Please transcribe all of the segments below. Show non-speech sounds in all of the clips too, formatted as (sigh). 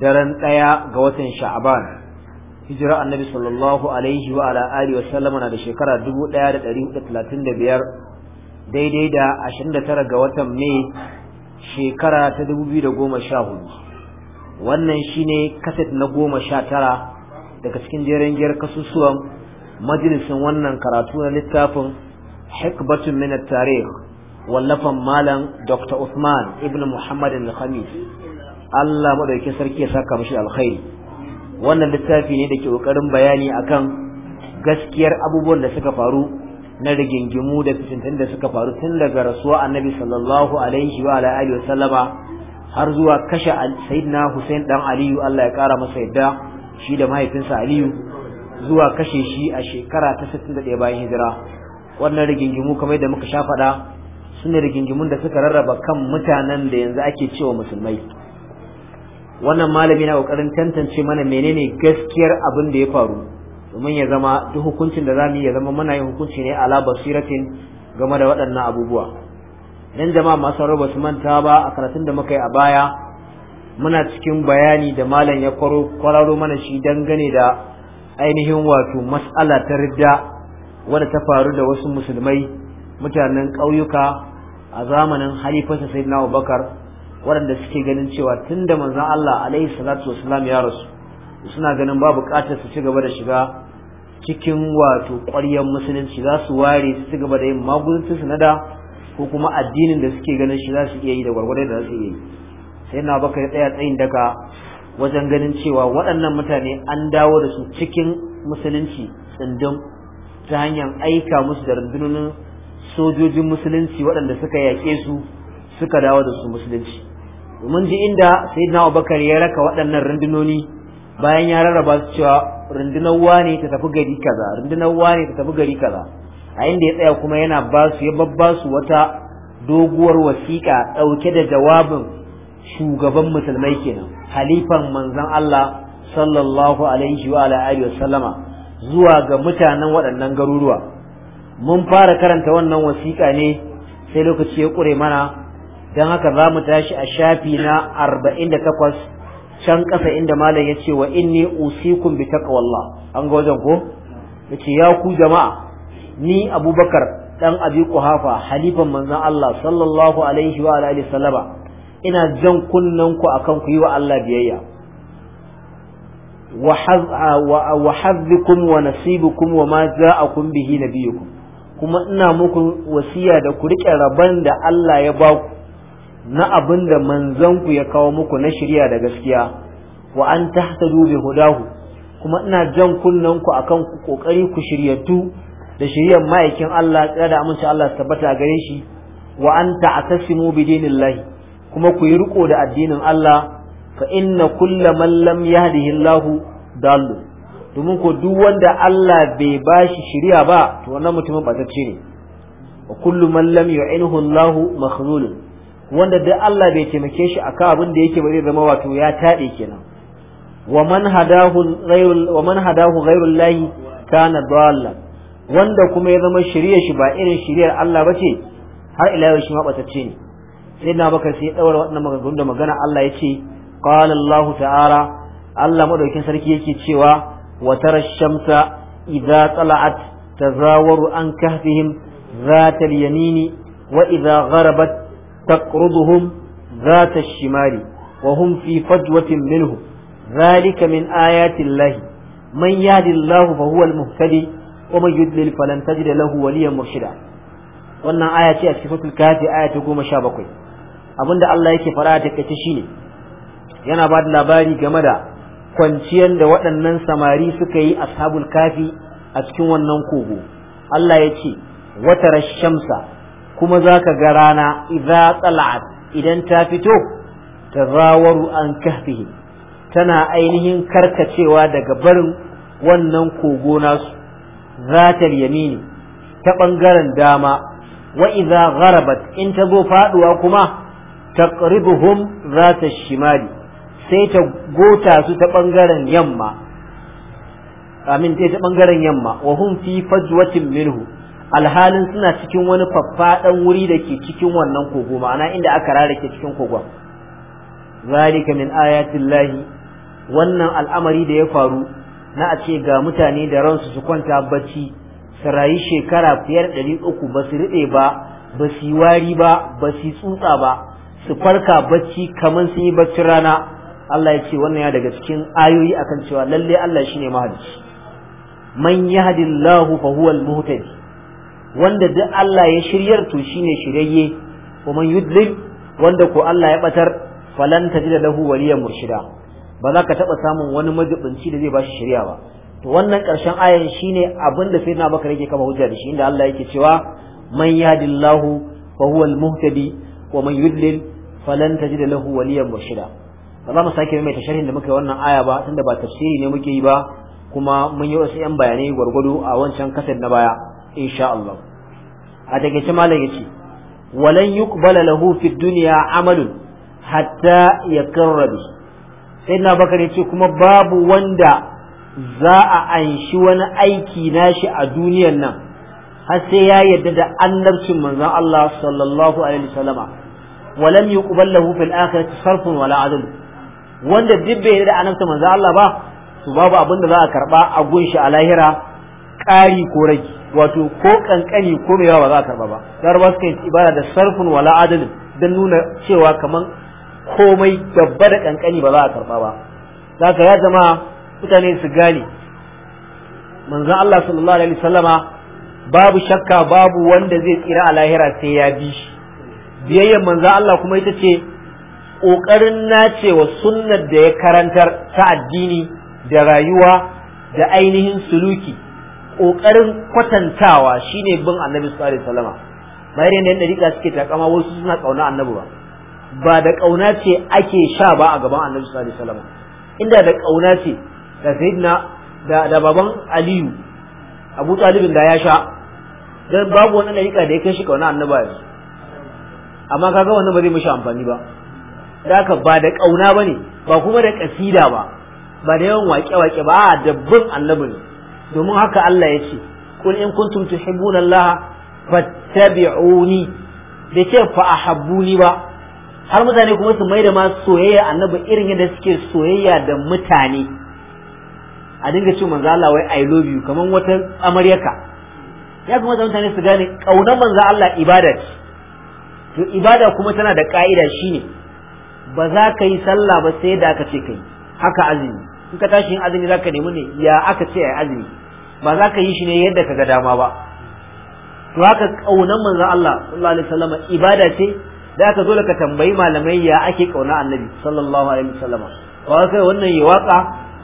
daren ɗaya ga watan sha'aban hijira annabi sallallahu alaihi wa ala alihi wa sallama na da shekara biyar, daidai da 29 ga watan mai shekara ta 2014 wannan shine kaset na 19 daga cikin jerin jiyar kasusuwan majalisin wannan karatu na littafin hikbatun min at-tarikh wallafan malam dr Usman ibn Muhammad al-Khamis Allah madaukakin sarki ya saka mishi alkhairi wannan littafi ne da ke kokarin bayani akan gaskiyar abubuwan da suka faru na rigingimu da fitintun da suka faru tun daga rasuwa annabi sallallahu alaihi wa ala alihi wasallama har zuwa kashe sayyidina Hussein dan Aliyu Allah ya kara masa yadda shi da mahaifinsa Aliyu zuwa kashe shi a shekara ta 61 bayan hijira wannan rigingimu kamar da muka sha faɗa sune rigingimun da suka rarraba kan mutanen da yanzu ake cewa musulmai wannan malami na kokarin tantance mana menene gaskiyar abin da ya faru domin ya zama duk hukuncin da mu yi ya zama muna yin hukunci ne ala basiratin game da waɗannan abubuwa dan jama'a masu ba su manta ba a karatun da muka yi a baya muna cikin bayani da malam ya kwararo mana shi dangane da ainihin wato mas'ala ta ridda wadda ta faru da wasu musulmai mutanen ƙauyuka a zamanin halifarsa sai na abubakar waɗanda suke ganin cewa tun da manzan Allah alaihi salatu salam ya rasu suna ganin ba buƙatar su ci gaba da shiga cikin wato ƙwaryar musulunci za su ware su ci gaba da yin magudanci su na da ko kuma addinin da suke ganin shi za su iya yi da gwargwadon da za su iya yi sai na baka ya tsaya tsayin daga wajen ganin cewa waɗannan mutane an dawo da su cikin musulunci tsindin ta hanyar aika musu da rundunonin sojojin musulunci waɗanda suka yaƙe su suka dawo da su musulunci domin ji inda na Abubakar ya raka waɗannan rundunoni bayan ya rarraba su cewa rundunar wane ta tafi gari kaza rundunar wane ta tafi gari kaza a inda ya tsaya kuma yana ba su ya babba su wata doguwar wasiƙa ɗauke da jawabin shugaban musulmai kenan halifan manzon Allah sallallahu alaihi wa alihi wa sallama zuwa ga mutanen waɗannan garuruwa mun fara karanta wannan wasiƙa ne sai lokaci ya ƙure mana don haka za mu tashi a shafi na arba'in da takwas can ƙasa inda malam ya ce wa inni usikum bi taqwallah an ga wajen ko ya ce ya ku jama'a ni abubakar dan abi kuhafa halifan manzon Allah sallallahu alaihi wa alihi sallama ina jan kunnen ku akan ku yi wa Allah biyayya wa hazzikum wa nasibukum wa ma ja'akum bihi nabiyukum kuma ina muku wasiya da ku rike rabon da Allah ya baku na abin da manzanku ya kawo muku na shirya da gaskiya wa an tahtadu bi hudahu kuma ina jan ku akan ku kokari ku shiryatu da shiryar ma'aikin Allah tsaya da aminci Allah su tabbata gare shi wa an ta'tasimu bi dinillahi kuma ku yi riko da addinin Allah fa inna kulla man lam yahdihi Allah dallu domin ko duk wanda Allah bai bashi shiriya ba to wannan mutumin ce ne wa kullu man lam yu'inhu Allah makhlulun wanda duk Allah bai taimake shi akan abin da yake ba zai zama wato ya taɗe kenan wa man hadahu ghayrul wa man kana dalla wanda kuma ya zama shirye shi ba irin shiriyar Allah ba ce har ila yau shi ma batacce ne sai na baka sai daura wannan maganganun da magana Allah ya ce qala Allah ta'ala Allah madaukin sarki yake cewa wa tara shamsa idza tala'at tazawaru an kahfihim ذات اليمين وإذا غربت تقرضهم ذات الشمال وهم في فجوة منه ذلك من آيات الله من يهد الله فهو المهتدي ومن يضلل فلن تجد له وليا مرشدا wannan aya ce a cikin suratul kafi aya ta goma sha bakwai abinda Allah yake fara da kace shine yana ba da labari game da kwanciyar da waɗannan samari suka yi ashabul kafi a cikin wannan kogo Allah ya ce wata shamsa kuma za ka ga rana idza tsala'at idan ta fito rawar an kahfihi tana ainihin karkacewa daga barin wannan kogo nasu zatar yamini ta ɓangaren dama wa idza gharabat in ta zo faɗuwa kuma ta za ta shimali sai ta gota su ta ɓangaren yamma amin sai ta ɓangaren yamma wa hum fi fajwatin minhu alhalin suna cikin wani faffaɗan wuri da ke cikin wannan kogo ma'ana inda aka rarrake cikin kogon zalika min ayatin lahi wannan al'amari da ya faru na a ce ga mutane da ransu su kwanta bacci su rayu shekara fiye da ɗari uku ba su riɗe ba ba su yi wari ba ba su yi tsutsa ba su farka bacci kamar sun yi baccin rana Allah ya ce wannan ya daga cikin ayoyi akan cewa lallai Allah shine mahalicci man yahdillahu fa huwal muhtadi wanda duk Allah ya shiryar to shine shiryayye wa man yudlil wanda ko Allah ya batar falan da lahu waliyan murshida ba za ka taba samun wani majibinci da zai bashi shirya ba to wannan karshen ayan shine abin da sayyidina Abubakar yake kama hujja da shi inda Allah yake cewa man yahdillahu fa huwa al-muhtadi wa man yudlil falan tajida lahu waliyan murshida ba za mu sake mai tasharhin da muka yi wannan aya ba tunda ba tafsiri ne muke yi ba kuma mun yi wasu 'yan bayanai gwargwado a wancan kaset na baya insha Allah a takeice malam yace walan yuqbala lahu fi dunya amalun hatta yaqarra bi sayyidina bakar yace kuma babu wanda za a anshi wani aiki nashi a duniyar nan har sai ya yarda da annabcin manzon Allah sallallahu alaihi wasallama walam yuqbal lahu fil akhirati sarfun wala adl wanda duk bai yarda da annabcin manzon Allah ba to babu abin da za a karba a gunshi a lahira ƙari ko rai wato ko ƙanƙani ko mai yawa ba za a karɓa ba larabawa suka yi ibada da sarfin wala adalin don nuna cewa kamar komai gaba da ƙanƙani ba za a karɓa ba za ka ya zama mutane su gane manzan Allah sallallahu alaihi wasallama babu shakka babu wanda zai tsira a lahira sai ya bi shi biyayyar manzan Allah kuma ita ce ƙoƙarin nacewa sunnar da ya karantar ta addini da rayuwa da ainihin suluki kokarin kwatantawa shine bin annabi sallallahu alaihi wasallama bayar yadda da rika suke takama wasu suna kauna annabi ba ba da kauna ce ake sha ba a gaban annabi sallallahu alaihi wasallama inda da kauna ce da sayyidina da da baban aliyu abu talibin da ya sha dan babu wani dariƙa da ya kai shi kauna annabi yanzu amma kaga wannan ba zai mishi amfani ba da haka ba da kauna bane ba kuma da kasida ba ba da yawan wake-wake ba a dabbin annabi ne domin haka Allah ya ce kul in kuntum tuhibbuna Allah fattabi'uni da ke fa ahabbuni ba har mutane kuma su mai da ma soyayya annabi irin yadda suke soyayya da mutane a dinga ce manzo Allah wai I love you kaman wata amaryaka ya kamata mutane su gane kaunar manzo Allah ibada ce to ibada kuma tana da ka'ida shine ba za ka yi sallah ba sai da ka ce kai haka azumi in ka tashi yin azumi zaka nemi ne ya aka ce ai azumi ba za ka yi shi ne yadda ka ga dama ba to haka kaunan manzon Allah sallallahu alaihi wasallam ibada ce da aka zo ka tambayi malamai ya ake kauna annabi sallallahu alaihi wasallam ba kai wannan ya waka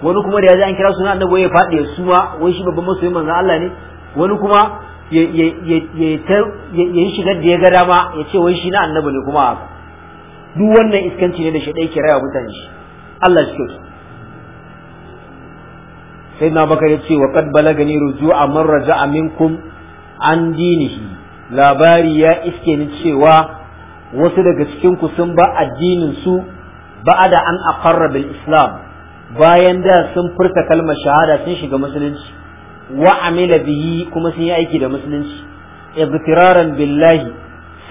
wani kuma da ya ji an kira sunan annabi ya faɗi ya suma wani shi babban masoyin manzon Allah ne wani kuma ya yi shigar da ya ga dama ya ce wai shi na annabi ne kuma duk wannan iskanci ne da shi ke raya mutane shi Allah shi kyautu baka bakar cewa, wa qad balagani ruju a raja'a minkum an dinihi labari ya iske ni cewa wasu daga cikin ku sun ba addinin su ba'ada an aqarra bil islam bayan da sun furta kalmar shahada sun shiga musulunci wa amila bihi kuma sun yi aiki da musulunci ibtiraran billahi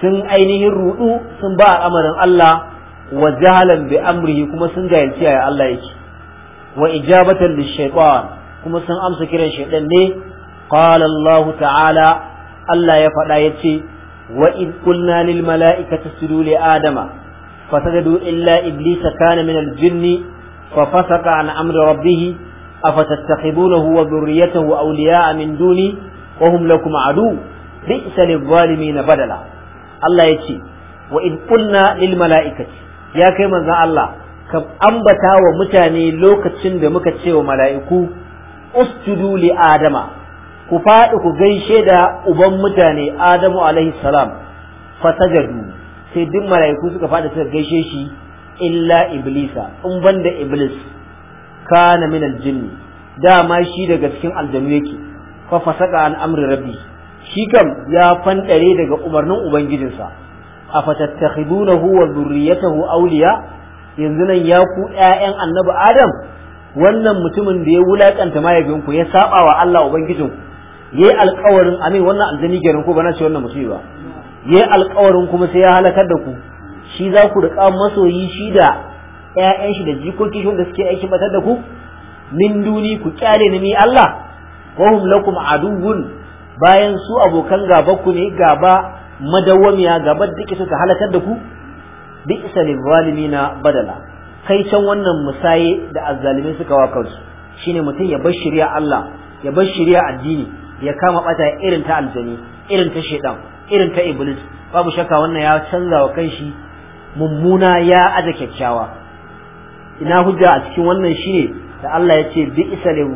sun ainihin rudu sun ba amarin Allah wa jahalan bi amrihi kuma sun jahilci ya Allah yake wa ijabatan lishaytan kuma sun amsa kiran shaidan ne qala Allah ta'ala Allah ya faɗa yace wa id qulna lil mala'ikati isjudu li adama fasajadu illa iblisa kana min al jinni fa fasaqa an amri rabbih afatattakhidunahu wa dhurriyyatahu awliya'a min duni wa hum lakum adu bi'sa lil zalimin badala Allah yace wa id qulna lil mala'ikati ya kai manzon Allah ka ambata wa mutane lokacin da muka ce wa mala'iku usjudu li adama ku faɗi ku gaishe da uban mutane adamu alaihi salam fasajadu sai duk mala'iku suka faɗi suka gaishe shi illa iblisa in banda iblis kana min aljinni dama shi daga cikin aljanu yake fa fasaka an amri rabbi shi kam ya fandare daga umarnin ubangijinsa afatattakhidunahu wa dhurriyyatahu awliya yanzu nan ya ku ƴaƴan annabi adam wannan mutumin da ya wulakanta mahaifinku ya saba wa Allah ya yayi alƙawarin amin wannan aljani kenan ko bana ce wannan mutumi ba Ya yi alkawarin kuma sai ya halakar da ku shi za ku riƙa masoyi shi da ƴaƴan shi da jikokin da suke aiki batar da ku min duni ku kyale ni mi Allah wa hum lakum aduwwun bayan su abokan gaba ku ne gaba madawamiya gaba da take halakar da ku bi isalil zalimina badala kai can wannan musaye da azzalimai suka wa kansu shine mutum ya bar shari'a Allah ya bar shari'a addini ya kama bata irin ta aljani irin ta shedan irin ta iblis babu shakka wannan ya canza wa kanshi mummuna ya aje kyakkyawa ina hujja a cikin wannan shine da Allah ya ce bi isalil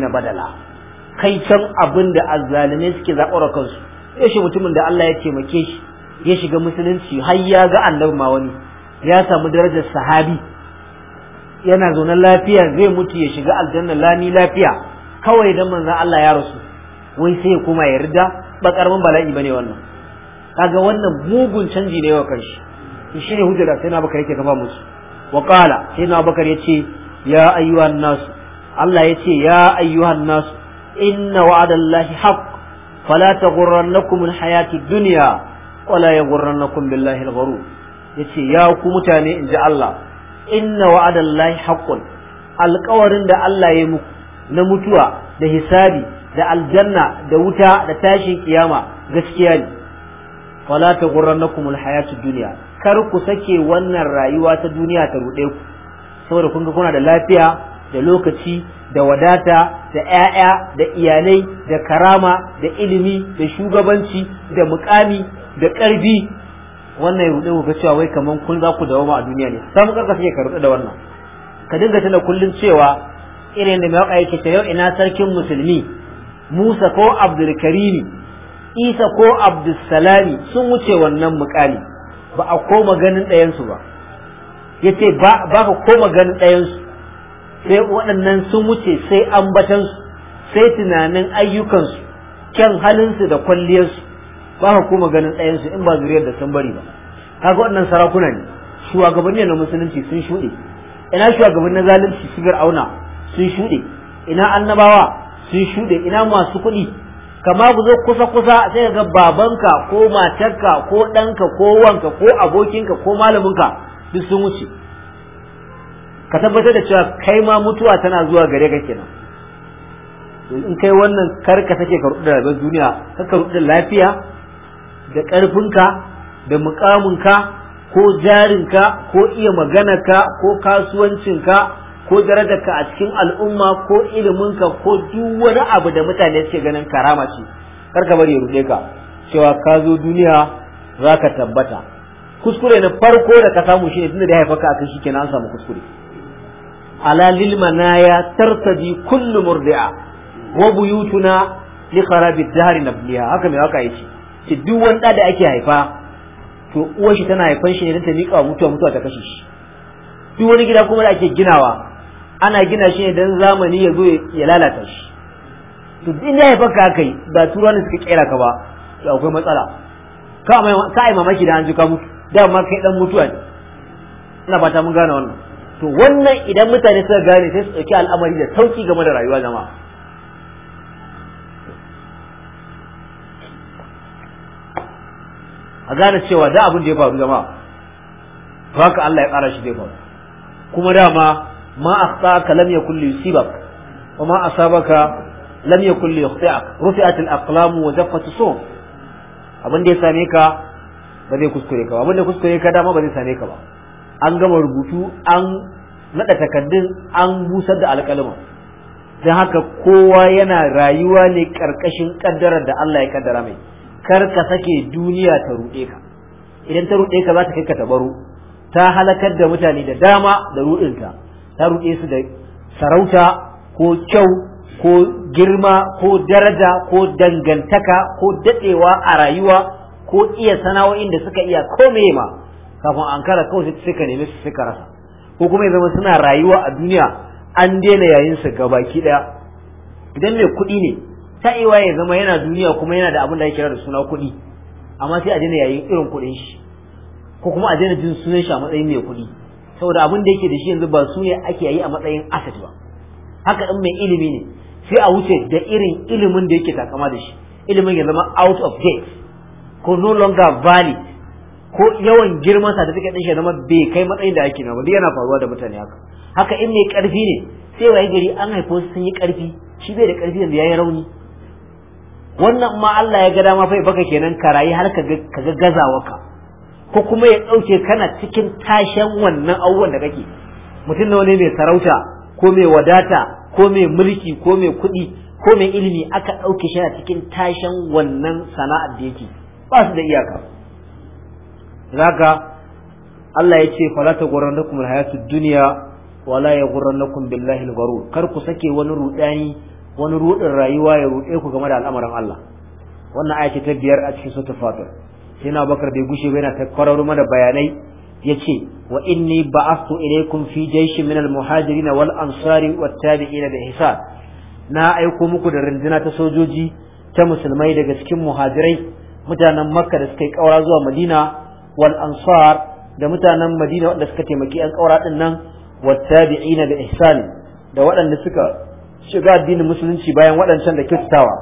na badala kai can abin da azzalimai suke zaɓarwa kansu yaushe mutumin da Allah ya taimake shi ya shiga musulunci har ya ga annabi ma wani ya samu darajar sahabi yana zaune lafiya zai mutu ya shiga aljanna lami lafiya kawai dan manzon Allah ya rasu wai sai ya koma ya rida ba karamin bala'i bane wannan kaga wannan mugun canji ne wa kanshi to shine hujjar sai na bakar yake gaba musu wa qala sai na bakar yace ya ayyuhan nas Allah yace ya ayyuhan nas inna wa'adallahi haqq fala taghurrannakum alhayati dunya wala yaghurrannakum billahi alghurur yace ya ku mutane inji Allah inna wa'adallahi haqqun alƙawarin da Allah ya muku na mutuwa da hisabi da aljanna da wuta da tashin kiyama gaskiya ne fala taghurrannakum alhayatud dunya kar ku sake wannan rayuwa ta duniya ta rude ku saboda kun ga kuna da lafiya da lokaci da wadata da ƴaƴa da iyalai da karama da ilimi da shugabanci da mukami da ƙarfi wannan ya rude ba cewa wai kaman kun za ku dawo ma a duniya ne mu karka sai ka rude da wannan ka dinga tana kullun cewa irin da mai yake ta yau ina sarkin musulmi Musa ko Abdul Karimi Isa ko Abdul Salami sun wuce wannan mukali ba a koma ganin ɗayansu ba yace ba ba ka koma ganin ɗayansu sai waɗannan sun wuce sai su sai tunanin ayyukansu kyan halinsu da kwalliyarsu ba ka koma ganin tsayen su in ba zuriyar da sun bari ba kaga waɗannan sarakuna ne shugabanni na musulunci sun shuɗe ina shugabanni na zalunci su auna sun shuɗe ina annabawa sun shuɗe ina masu kuɗi kama ku zo kusa kusa sai ga babanka ko matarka ko ɗanka ko wanka ko abokinka ko malaminka duk sun wuce ka tabbatar da cewa kai ma mutuwa tana zuwa gare ka kenan in kai wannan karka take ka rudu da rabin duniya ka rudu da lafiya da ƙarfinka da muƙamunka ko jarinka ko iya ka ko kasuwancinka ko darajarka a cikin al'umma ko iliminka ko duk wani abu da mutane suke ganin karama ce karka bari ya ruɗe ka cewa ka zo duniya za ka tabbata kuskure na farko da ka samu ne tunda da ya a ka shi kenan an samu kuskure ala lil manaya tartadi kullu murdi'a wa buyutuna li kharabi dahr nabliha haka mai waka yace ce duk wani da da ake haifa to uwar shi tana haifan shi ne don ta miƙa wa mutuwa mutuwa ta kashe shi duk wani gida kuma da ake ginawa ana gina shi ne don zamani ya zo ya lalata shi to duk ya haifar ka kai ba tura ne suka kera ka ba to akwai matsala ka ai mamaki da an ji ka mutu ma kai dan mutuwa ne ina fata mun gane wannan to wannan idan mutane suka gane sai su ɗauki al'amari da sauki game da rayuwa jama'a a gane cewa da abin da ya faru jama'a to haka Allah ya kara shi da faru kuma dama ma akhtaka lam yakul yusibak wa ma asabaka lam yakul yukhti'ak rufi'at al-aqlam wa jaffat as so abin da ya same ka ba zai kuskure ka ba abin da kuskure ka dama ba zai same ka ba an gama rubutu an nada takaddun an busar da alƙalama dan haka kowa yana rayuwa ne ƙarƙashin ƙaddarar da Allah ya ƙaddara mai kar ka sake duniya ta ruɗe ka idan ta ruɗe ka za ta kai ka tabaru ta halakar da mutane da dama da ruɗinta ta ruɗe su da sarauta ko kyau ko girma ko daraja ko dangantaka ko daɗewa a rayuwa ko iya sana'o'in da suka iya kome ma kafin an kara kawai suka nemi su suka rasa ko kuma ya zama suna rayuwa a duniya an daina yayin su gabaki ɗaya idan mai kuɗi ne ta iwa ya zama yana duniya kuma yana da abin da ya kira da suna kuɗi amma sai a daina yayin irin kuɗin shi ko kuma a daina jin sunan shi a matsayin mai kuɗi saboda abin da yake da shi yanzu ba su ne ake yi a matsayin asset ba haka in mai ilimi ne sai a wuce da irin ilimin da yake takama da shi ilimin ya zama out of date ko no longer valid ko yawan girman sa da take din shi zama bai kai matsayin da ake na ba yana faruwa da mutane haka haka in mai karfi ne sai waye gari an haifo su sun yi karfi shi bai da karfi yanzu yayi rauni wannan ma Allah ya ga dama fa baka kenan ka rayu har ka ga gazawa ka, ko kuma ya dauke kana cikin tashen wannan auwan da kake mutum nawa ne mai sarauta ko mai wadata ko mai mulki ko mai kuɗi ko mai ilimi aka dauke shi a cikin tashen wannan sana'ar da yake ba su da iyaka zaka Allah ya ce fala ta gurrannakum alhayatud dunya wala yaghurrannakum billahi algharur kar ku sake wani rudani wani ruɗin rayuwa ya ruɗe ku game da al'amarin Allah wannan aya ta biyar a cikin suratul fatir sai na bakar bai gushe ba yana ta mana bayanai yace wa inni ba'athu ilaykum fi jayshin min muhajirin wal ansari wa tabi'ina da ihsan na aiko muku da rundina ta sojoji ta musulmai daga cikin muhajirai mutanen makka da suka yi kaura zuwa madina wal ansar da mutanen madina wanda suka taimaki yan kaura din nan wa tabi'ina bi ihsan da waɗanda suka shiga addinin musulunci bayan waɗancan da kyautatawa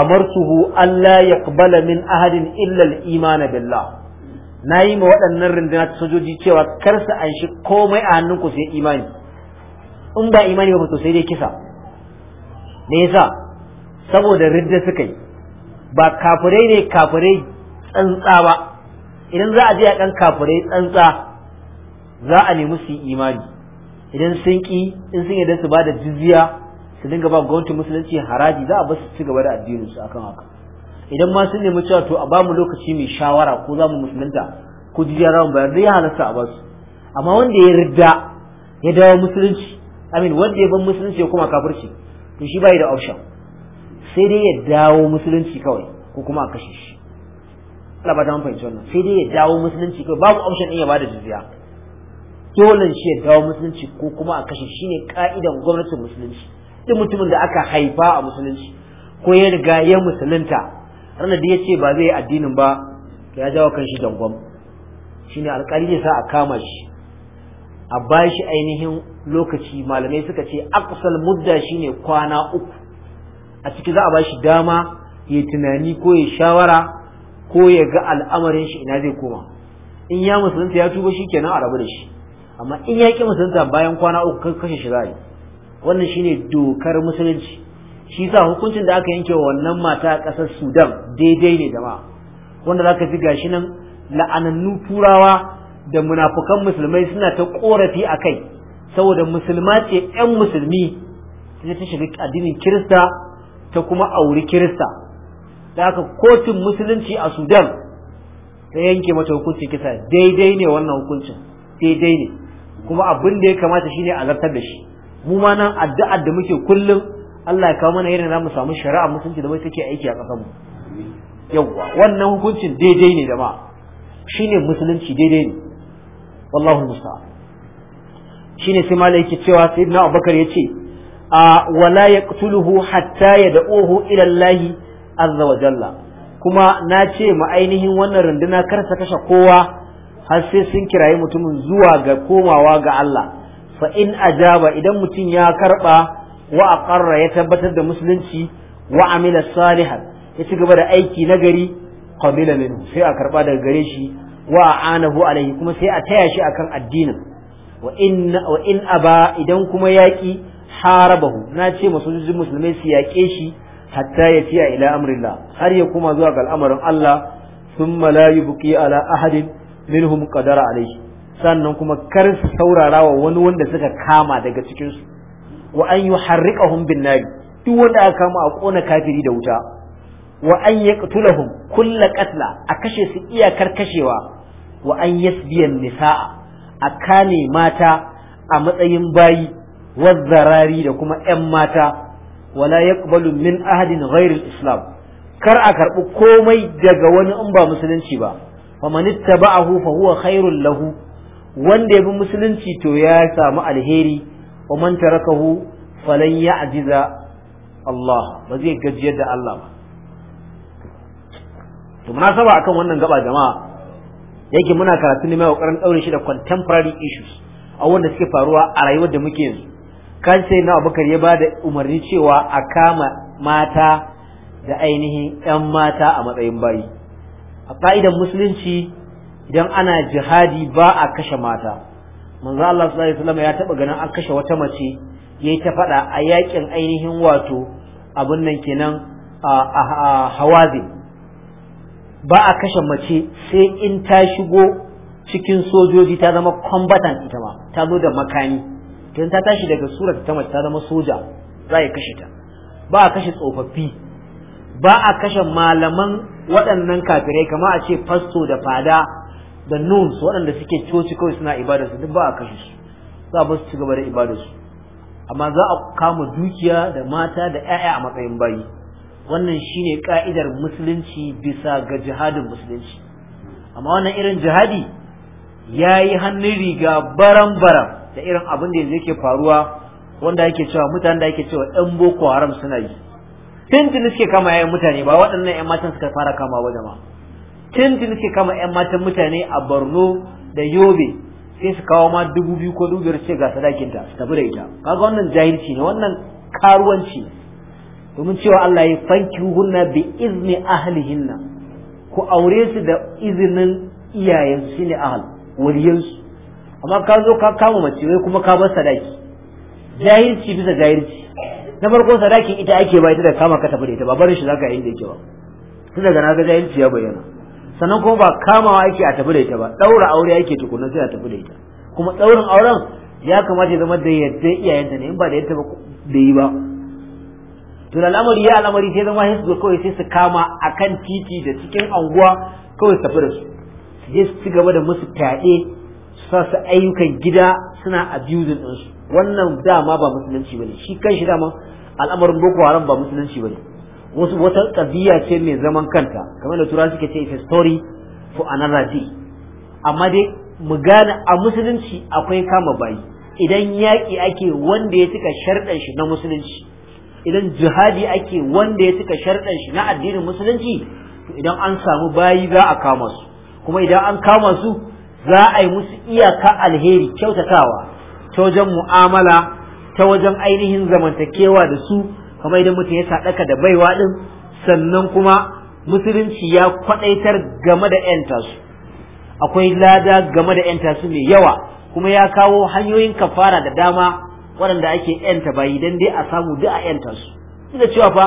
amartuhu Allah kubala min ahadin illa imana iman Na yi ma waɗannan rinduna ta sojoji cewa kar su anshi komai a hannunku sai imani in ba imani ba to sai dai kisa me yasa saboda ridda suka yi ba kafirai ne kafirai tsantsa ba idan za a je a ɗan kafirai tsantsa za a nemi su yi imani idan sun ki in sun yadda su ba da jizya su dinga ba gwamnati musulunci haraji za a basu ci gaba da addinin su akan haka idan ma sun nemi cewa to a bamu lokaci mai shawara ko za mu musulunta ko jiya za mu bayar da ya halasta a basu amma wanda ya rida ya dawo musulunci amin wanda ya ban musulunci ya koma kafirci to shi bai da option sai dai ya dawo musulunci kawai ko kuma a kashe shi Allah ba ta mun fahimci wannan sai dai ya dawo musulunci kawai babu option din ya bada jizya dole shi ya dawo musulunci ko kuma a kashe shine ka'idan gwamnatin musulunci duk mutumin da aka haifa a musulunci ko ya riga ya musulunta ranar da ya ce ba zai yi addinin ba ya jawo kanshi Shi shine alƙali ne sa a kama shi a ba shi ainihin lokaci malamai suka ce aksal mudda shine kwana uku a ciki za a ba shi dama ya tunani ko ya shawara ko ya ga al'amarin shi ina zai koma in ya musulunta ya tuba shi kenan a rabu da shi amma in ya ki musulunta bayan kwana uku kashe shi za a yi wannan shine dokar musulunci shi sa hukuncin da aka yanke wa wannan mata ƙasar sudan daidai ne jama'a wanda za ka fi gashi nan la'anannu turawa da munafukan musulmai suna ta korafi a kai saboda musulma ce 'yan musulmi ta ta shiga addinin kirista ta kuma auri kirista da aka kotun musulunci a sudan ta yanke mata hukuncin kisa daidai ne wannan hukuncin daidai ne kuma abin da ya kamata shine a zartar da shi mu ma nan addu'ar da muke kullum Allah ya kawo mana irin zamu samu shari'a mutunci da wai take aiki a ƙasar mu yawwa wannan hukuncin daidai ne jama'a shine musulunci daidai ne wallahu musta shine sai malai yake cewa sayyidina Abubakar yace a wala yaqtuluhu hatta yad'uhu ila Allah azza wa jalla kuma na ce ma ainihin wannan runduna kar ta kashe kowa har sai sun kirayi mutumin zuwa ga komawa ga Allah fa in ajaba idan mutum ya karba wa aqarra ya tabbatar da musulunci wa amila salihan ya ci gaba da aiki nagari qabila minhu sai a karba daga gare shi wa anahu alaihi kuma sai a taya shi akan addinin wa in wa in aba idan kuma yaki harabahu na ce masojojin musulmai su yaƙe shi hatta ya fiya ila amrillah har ya kuma zuwa ga al'amarin Allah thumma la yubqi ala ahadin minhum qadara alaihi sannan kuma kar su saurara wa wani wanda suka kama daga cikin su wa an yuharriqahum bin nari duk wanda aka kama a kona kafiri da wuta wa an yaqtulahum kulla qatla a kashe su iyakar kashewa wa an yasbiyan nisaa a kame mata a matsayin bayi wazzarari da kuma 'yan mata wala yaqbalu min ahadin ghairil islam kar a karɓi komai daga wani in ba musulunci ba fa ba ittaba'ahu fa huwa khairul lahu wanda ya bi musulunci to ya samu alheri wa man tarakahu falan ya'jiza Allah ba zai gajiyar da Allah ba to munasaba akan wannan gaba jama'a yake muna karatu ne mai kokarin daure shi da contemporary issues a wanda suke faruwa a rayuwar da muke yanzu kan sai na Abubakar ya bada umarni cewa a kama mata da ainihin 'yan mata a matsayin bayi a fa'idan musulunci idan ana jihadi ba a kashe mata manzo Allah sallallahu alaihi wasallam ya taba ganin an kashe wata mace yayi ta fada a yakin ainihin wato abun nan kenan a hawazi ba a kashe mace sai in ta shigo cikin sojoji ta zama combatant ita ma ta zo da makami tun ta tashi daga surat ta mace ta zama soja za a kashe ta ba a kashe tsofaffi ba a kashe malaman waɗannan kafirai kamar a ce fasto da fada da nun waɗanda suke coci kawai suna ibada su duk ba a kashe su za ba su ci gaba da ibadarsu su amma za a kama dukiya da mata da 'ya'ya a matsayin bayi wannan shine ka'idar musulunci bisa ga jihadin musulunci amma wannan irin jihadi ya yi hannun riga baran baran da irin abin da yanzu yake faruwa wanda yake cewa mutanen da yake cewa ɗan boko haram suna yi tun suke kama yayin mutane ba waɗannan 'yan matan suka fara kama ba jama'a tintin suke kama yan matan mutane a Borno da Yobe sai su kawo ma dubu biyu ko dubu biyar ce ga sadakinta su tafi da ita kaga wannan jahilci ne wannan karuwanci domin cewa Allah ya fanki hunna bi izni ahlihinna ku aure su da izinin iyayensu shine ahl su amma ka zo ka kama mace wai kuma ka bar sadaki jahilci bisa jahilci na farko sadakin ita ake ba ita da kama ka tafi da ita ba barin shi zaka yi da yake ba tun daga na ga jahilci ya bayyana sannan kuma ba kamawa yake a tafi da ita ba daura aure yake tukuna sai a tafi da ita kuma daurin auren ya kamata ya zama da yadda iyayenta ne in ba da yadda ba da yi ba to da al'amari ya al'amari sai zama sai su kawai sai su kama a kan titi da cikin anguwa kawai su tafi da su je su ci gaba da musu fyaɗe su sa su ayyukan gida suna abusing ɗinsu wannan dama ba musulunci ba ne, shi kan shi dama al'amarin boko haram ba musulunci ba ne. wasu wata kabiya ce mai zaman kanta kamar da turawa suke ce it's a story for another day amma dai mu gane a musulunci akwai kama bayi idan yaƙi ake wanda ya cika sharɗan shi na musulunci idan jihadi ake wanda ya cika sharɗan shi na addinin musulunci to idan an samu bayi za a kama su kuma idan an kama su za a yi musu iyaka alheri kyautatawa ta wajen mu'amala ta wajen ainihin zamantakewa da su kamar idan mutum ya sadaka da baiwa din sannan kuma musulunci ya kwadaitar game da yanta su akwai lada game da yanta su mai yawa kuma ya kawo hanyoyin kafara da dama waɗanda ake yanta bayi dan dai a samu duk a yanta su da cewa fa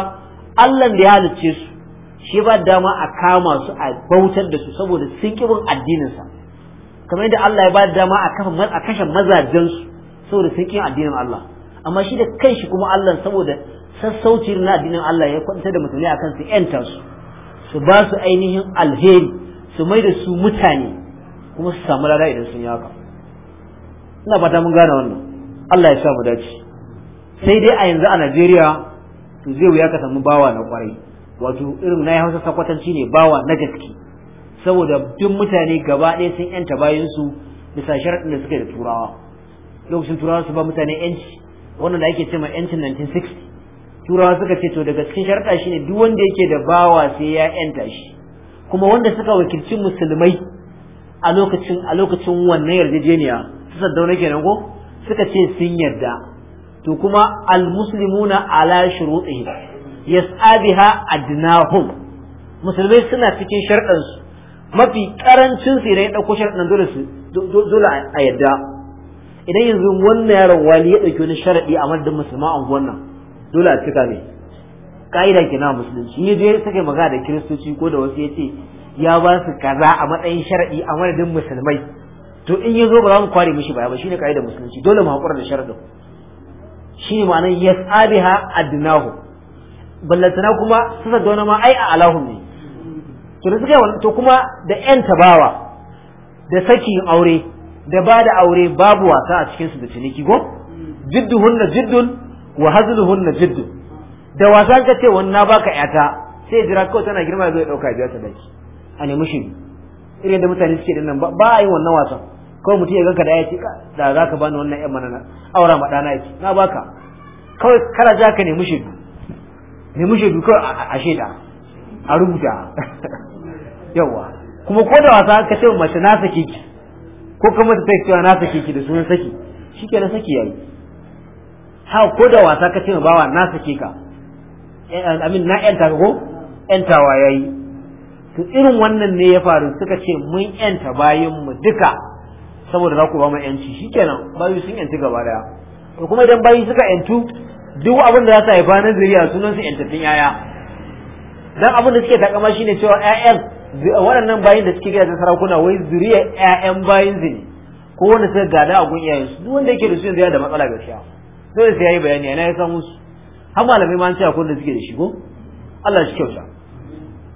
Allah da ya halicce su shi ba dama a kama su a bautar da su saboda sun kibin addininsa kamar yadda Allah ya ba dama a kafa a su saboda sun kin addinin Allah amma shi da kanshi kuma Allah saboda sassauci na addinin Allah ya kwanta da mutane akan su yanta su su ba su ainihin alheri su mai da su mutane kuma su samu lada idan sun yi haka ina fata mun gane wannan Allah ya sa mu dace sai dai a yanzu a Najeriya to zai wuya ka samu bawa na kwarai wato irin na Hausa sakwatanci ne bawa na gaske saboda duk mutane gaba ɗaya sun yanta bayansu, su bisa sharaɗin da suke da turawa lokacin turawa su ba mutane yanci wannan da ake cewa yancin 1960 turawa suka ce to daga cikin sharta shine duk wanda yake da bawa sai ya yanta shi kuma wanda suka wakilci musulmai a lokacin a lokacin wannan yarjejeniya su saddauna kenan ko suka ce sun yarda to kuma almuslimuna ala shurutihim yas'a biha adnahum musulmai suna cikin sharɗan su mafi karancin su idan ya ɗauko sharɗan dole su dole a yarda idan yanzu wannan yaron wali ya ɗauki wani sharaɗi a madadin musulman a nan dole a cika mai ka'ida ke na musulunci ni dai suka magana da kiristoci ko da wasu ya ce ya ba su kaza a matsayin sharadi a madadin musulmai to in ya zo ba za mu kware mishi ba ba shine ka'ida musulunci dole mu hakura da sharadin ne ma'anar yas'abiha adnahu ballatana kuma suka dona ma ai a alahum ne to da suka to kuma da yan tabawa da sakin aure da ba da aure babu wasa a cikinsu da ciniki ko hunna jiddun wa hazluhunna jiddu da wasan ka ce wannan baka yata sai jira kawai tana girma zai dauka biya ta dai a nemi shi irin da mutane suke dinnan ba a yi wannan wasan kawai mutum ya ganka da ya da za ka bani wannan yan manana aura ma dana yake na baka kawai kara ja ka nemi shaidu nemi shaidu kawai a sheda a rubuta (laughs) yawa kuma ko da wasa ka ce mace na sake ki ko kuma ta ce na sake ki da sunan saki shikenan saki yayi ha ko da wasa ka ce ma bawa na sake ka eh, eh, amin na yanta ko yanta wa yayi to irin wannan ne ya faru suka ce mun yanta bayin mu duka saboda za ku ba mu yanci shikenan bayu sun yanci gaba daya to kuma idan bayi suka yantu duk abin da za su haifa na zuriya sunan su yantattun yaya dan abin da suke takama shine cewa ƴaƴan waɗannan bayin da suke gidajen sarakuna wai zuriya ƴaƴan bayin zini ko wanda suka gada a gun iyayensu duk wanda yake da su yanzu yana da matsala gaskiya dole sai yayi bayani yana ya samu musu har malamai ma an ce akwai da suke da shi ko Allah shi kyauta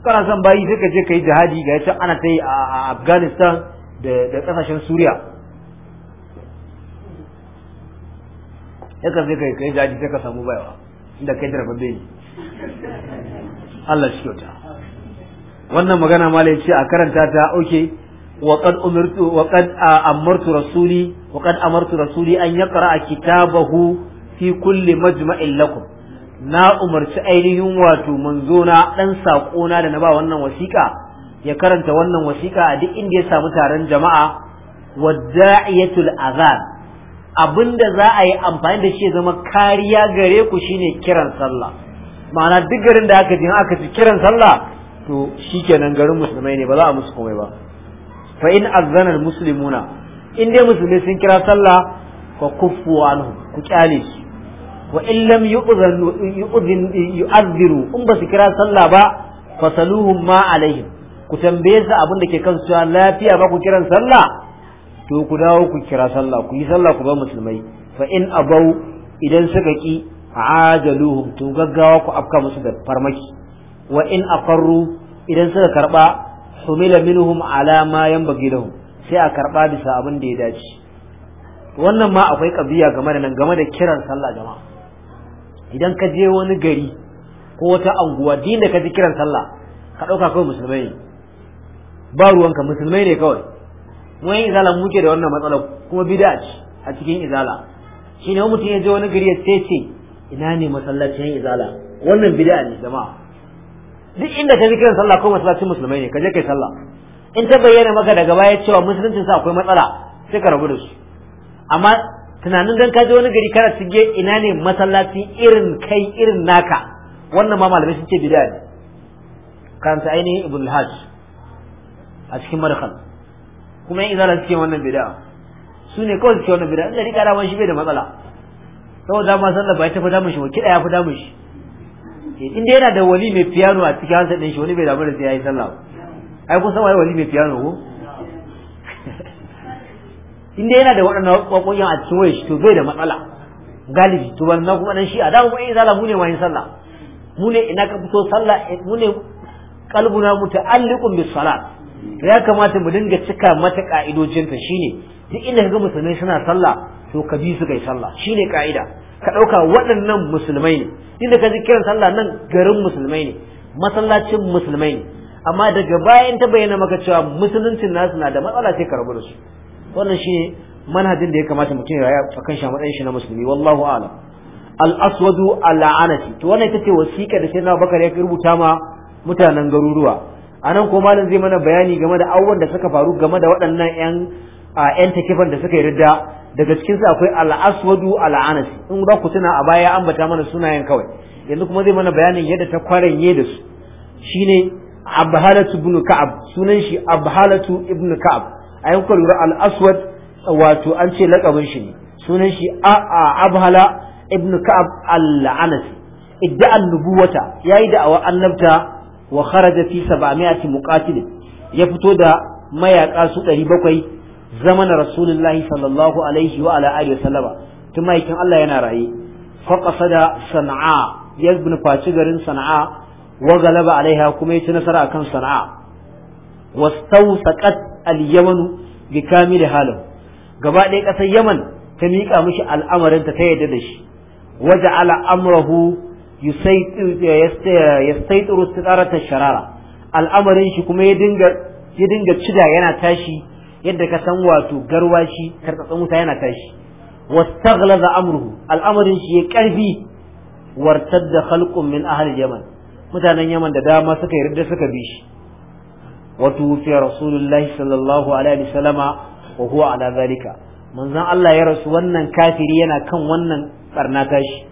kana son bayi sai ka je ka yi jihadi ga yace ana ta yi a Afghanistan da da kasashen Suriya ya ka yi kai jihadi sai ka samu baiwa inda kai da rababbe ne Allah shi kyauta wannan magana malai ce a karanta ta okay وقد امرت وقد امرت رسولي وقد امرت رسولي ان يقرا كتابه في كل مجمع لكم na umarci ainihin wato manzona دان na da na ba wannan wasiƙa ya karanta wannan wasiƙa a duk inda ya samu taron jama'a wadda'iyatul azan abinda za a yi amfani da shi ya zama kariya gare ku shine kiran sallah ma'ana duk garin da aka ji aka ci kiran sallah to shikenan garin musulmai ne ba za a musu komai ba fa in azzana almuslimuna in dai musulmi sun kira sallah fa kuffu anhu ku kyale su wa in lam yu'adhiru in ba su kira sallah ba saluhum ma alaihim ku tambaye su abin da ke kan su lafiya ba ku kiran sallah to ku dawo ku kira sallah ku yi sallah ku ba musulmai fa in abau idan suka ki ajaluhum to gaggawa ku afka musu da farmaki wa in aqarru idan suka karba humila minhum ala ma yanbaghi lahum sai a karba bisa abin da ya dace wannan ma akwai kabiya game da nan game da kiran sallah jama'a idan ka je wani gari ko wata anguwa din da ka ji kiran sallah ka dauka kawai musulmai ne ba ruwanka musulmai ne kawai mu yan izala muke da wannan matsalar kuma bid'a ce a cikin izala shine mutum ya je wani gari ya ce ina ne masallacin izala wannan bid'a ne jama'a duk inda ka ji kiran sallah ko masallacin musulmai ne ka je kai sallah in ta bayyana maka daga baya cewa musulunci sa akwai matsala sai ka rabu da su amma tunanin dan ka je wani gari kana cige ina ne masallaci irin kai irin naka wannan ma malamai sun ce bid'a ne karanta ainihin ibn al-hajj a cikin madkhal kuma yan izala suke wannan bid'a su ne kawai suke wannan bid'a da rika da shi bai da matsala saboda ma sallah bai tafi damun shi ba kida ya fi damun shi in dai yana da wali mai piano a cikin hansa ɗin shi wani bai damu da sai yi sallah ai kun san wai wali mai piano ko (laughs) in dai yana da waɗannan kwakwunyan a cikin wayar shi to bai da matsala galibi to na kuma dan shi a da kuma zala mu ne wayin sallah mu ne ina ka fito sallah eh, mu ne kalbuna muta'alliqun bis salat ya kamata mu dinga cika mata ka'idojinta shine duk inda ga musulmai suna sallah to ka bi su kai sallah shine ka'ida ka ɗauka waɗannan musulmai ne inda ka ji kiran sallah nan garin musulmai ne masallacin musulmai ne amma daga bayan ta bayyana maka cewa musuluncin nasu na da matsala sai ka rabu da su wannan shine manhajin da ya kamata mutum ya raya akan shi a matsayin shi na musulmi wallahu a'lam al aswadu al la'anati to wannan ita ce wasiƙa da sai na Bakar ya rubuta ma mutanen garuruwa anan ko malam zai mana bayani game da awwan da suka faru game da waɗannan 'yan 'yan takifan da suka yi ridda daga cikin sa akwai alaswadu aswadu al in za ku tuna a baya an bata mana sunayen kawai yanzu kuma zai mana bayanin yadda ta kwaranye da su shine abhalatu ibn ka'ab sunan shi abhalatu ibn ka'ab a ku lura al-aswad wato an ce lakabin shi ne sunan shi a abhala ibn ka'ab al-anasi idda an-nubuwata yayi da'awa annabta wa kharaja fi 700 muqatil ya fito da mayaka su 700 zaman rasulullahi sallallahu alaihi wa ala alihi wasallama tun Allah yana raye fa da san'a ya nufaci garin sana'a wa galaba alaiha kuma ya ci nasara akan sana'a wastawsaqat al-yaman bi kamil halahu gaba ɗaya ƙasar yaman ta miƙa mashi al'amarin ta yarda da shi waje ala amrahu yastaitiru tsarata sharara al'amarin shi kuma ya ya dinga cida yana tashi yadda ka san wato garwashi karkatsan wuta yana tashi wastaghlaza amruhu al'amarin shi ya karfi da khalqun min ahli yaman mutanen yaman da dama suka yarda suka bi shi wa tufiya rasulullahi sallallahu alaihi wasallama wa huwa ala zalika manzon Allah ya rasu wannan kafiri yana kan wannan barna tashi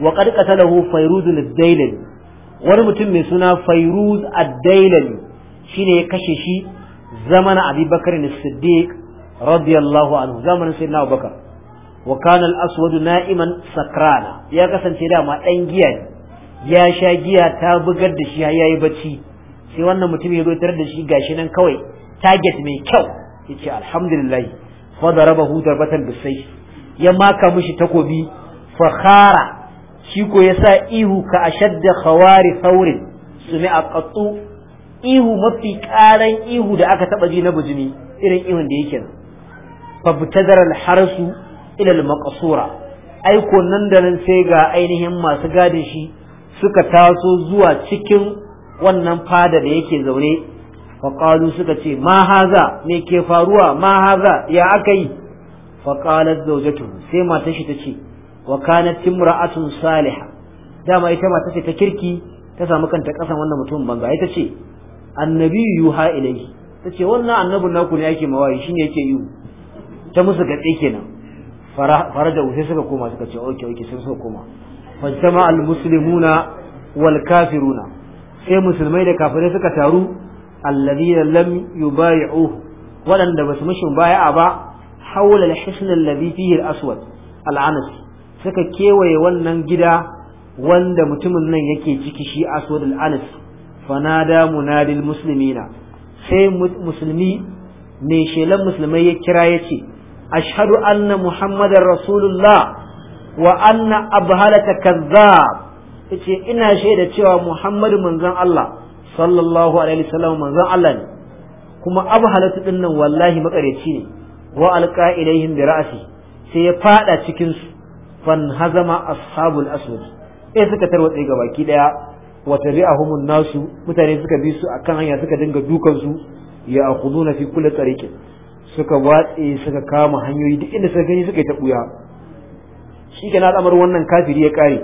wa qad qatalahu fayruz ad-dailani wani mutum mai suna fayruz ad-dailani shine ya kashe shi زمن أبي بكر الصديق رضي الله عنه زمن سيدنا أبو بكر وكان الأسود نائما سكرانا يا كسن سيدا ما أنجيا يا شاجيا تابقر دشيا يا يبتشي سيوانا متمي يدو ترد دشي قاشنا كوي تاجت مي كو يتشي الحمد لله فضربه ضربة بالسيف يا ما كمشي تكو بي فخارا شيكو يسا إيهو كأشد خوار ثور سمع قطو ihu mafi karan ihu da aka taba ji na bujumi irin ihun da yake fa harsu ila al maqsura ai ko nan da nan sai ga ainihin masu gadin shi suka taso zuwa cikin wannan fada da yake zaune fa qalu suka ce ma haza me ke faruwa ma haza ya akai fa qalat zawjatu sai matar shi tace wa kanat timra'atun salihah dama ita mata ta kirki ta samu kanta kasan wannan mutum banza ita ce annabi yuha ilaihi tace wannan annabin naku ne yake mawayi shine yake yi ta musu gatse kenan faraja sai suka koma suka ce okay okay sun suka koma fajtama al muslimuna wal kafiruna sai musulmai da kafirai suka taru alladhina lam yubayi'uhu waɗanda ba su mishi baya'a ba hawla al hisn alladhi fihi al aswad al anas suka kewaye wannan gida wanda mutumin nan yake ciki shi aswad al anas fanada munadil muslimina sai musulmi mai shelan musulmai ya kira ya ce ashhadu anna muhammadar rasulullah wa anna abhalata kazzab ce ina shaida cewa muhammadu manzon Allah sallallahu alaihi wasallam Allah ne kuma abhalatu din wallahi makareci ne wa alqa ilaihim bi ra'si sai ya fada cikin fan hazama ashabul aswad sai suka tarwatse gabaki daya wa tabi'ahumun nasu mutane suka bi su akan hanya suka dinga dukan su ya akhuduna fi kulli tariqin suka watse suka kama hanyoyi duk inda suka gani suka yi ta buya shikenan al'amarin wannan kafiri ya kare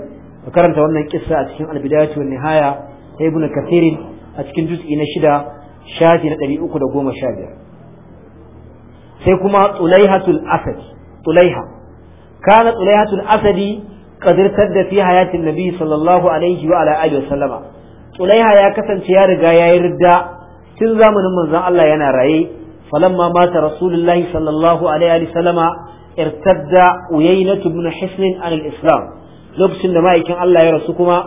ka karanta wannan kissa a cikin al wan nihaya ta ibnu kathir a cikin juz'i na shida shafi na 315 sai kuma tulaihatul asad tulaiha kana tulaihatul asadi kadirtar da fi hayatin nabi sallallahu alaihi wa ala alihi wasallama Tsulaiha ya kasance ya riga ya ridda, tun zamanin manzon Allah yana raye falamma mata rasulullahi sallallahu alaihi wa sallama irtadda uyaynatu ibn hisn an al-islam lokacin da ma'aikin Allah ya rasu kuma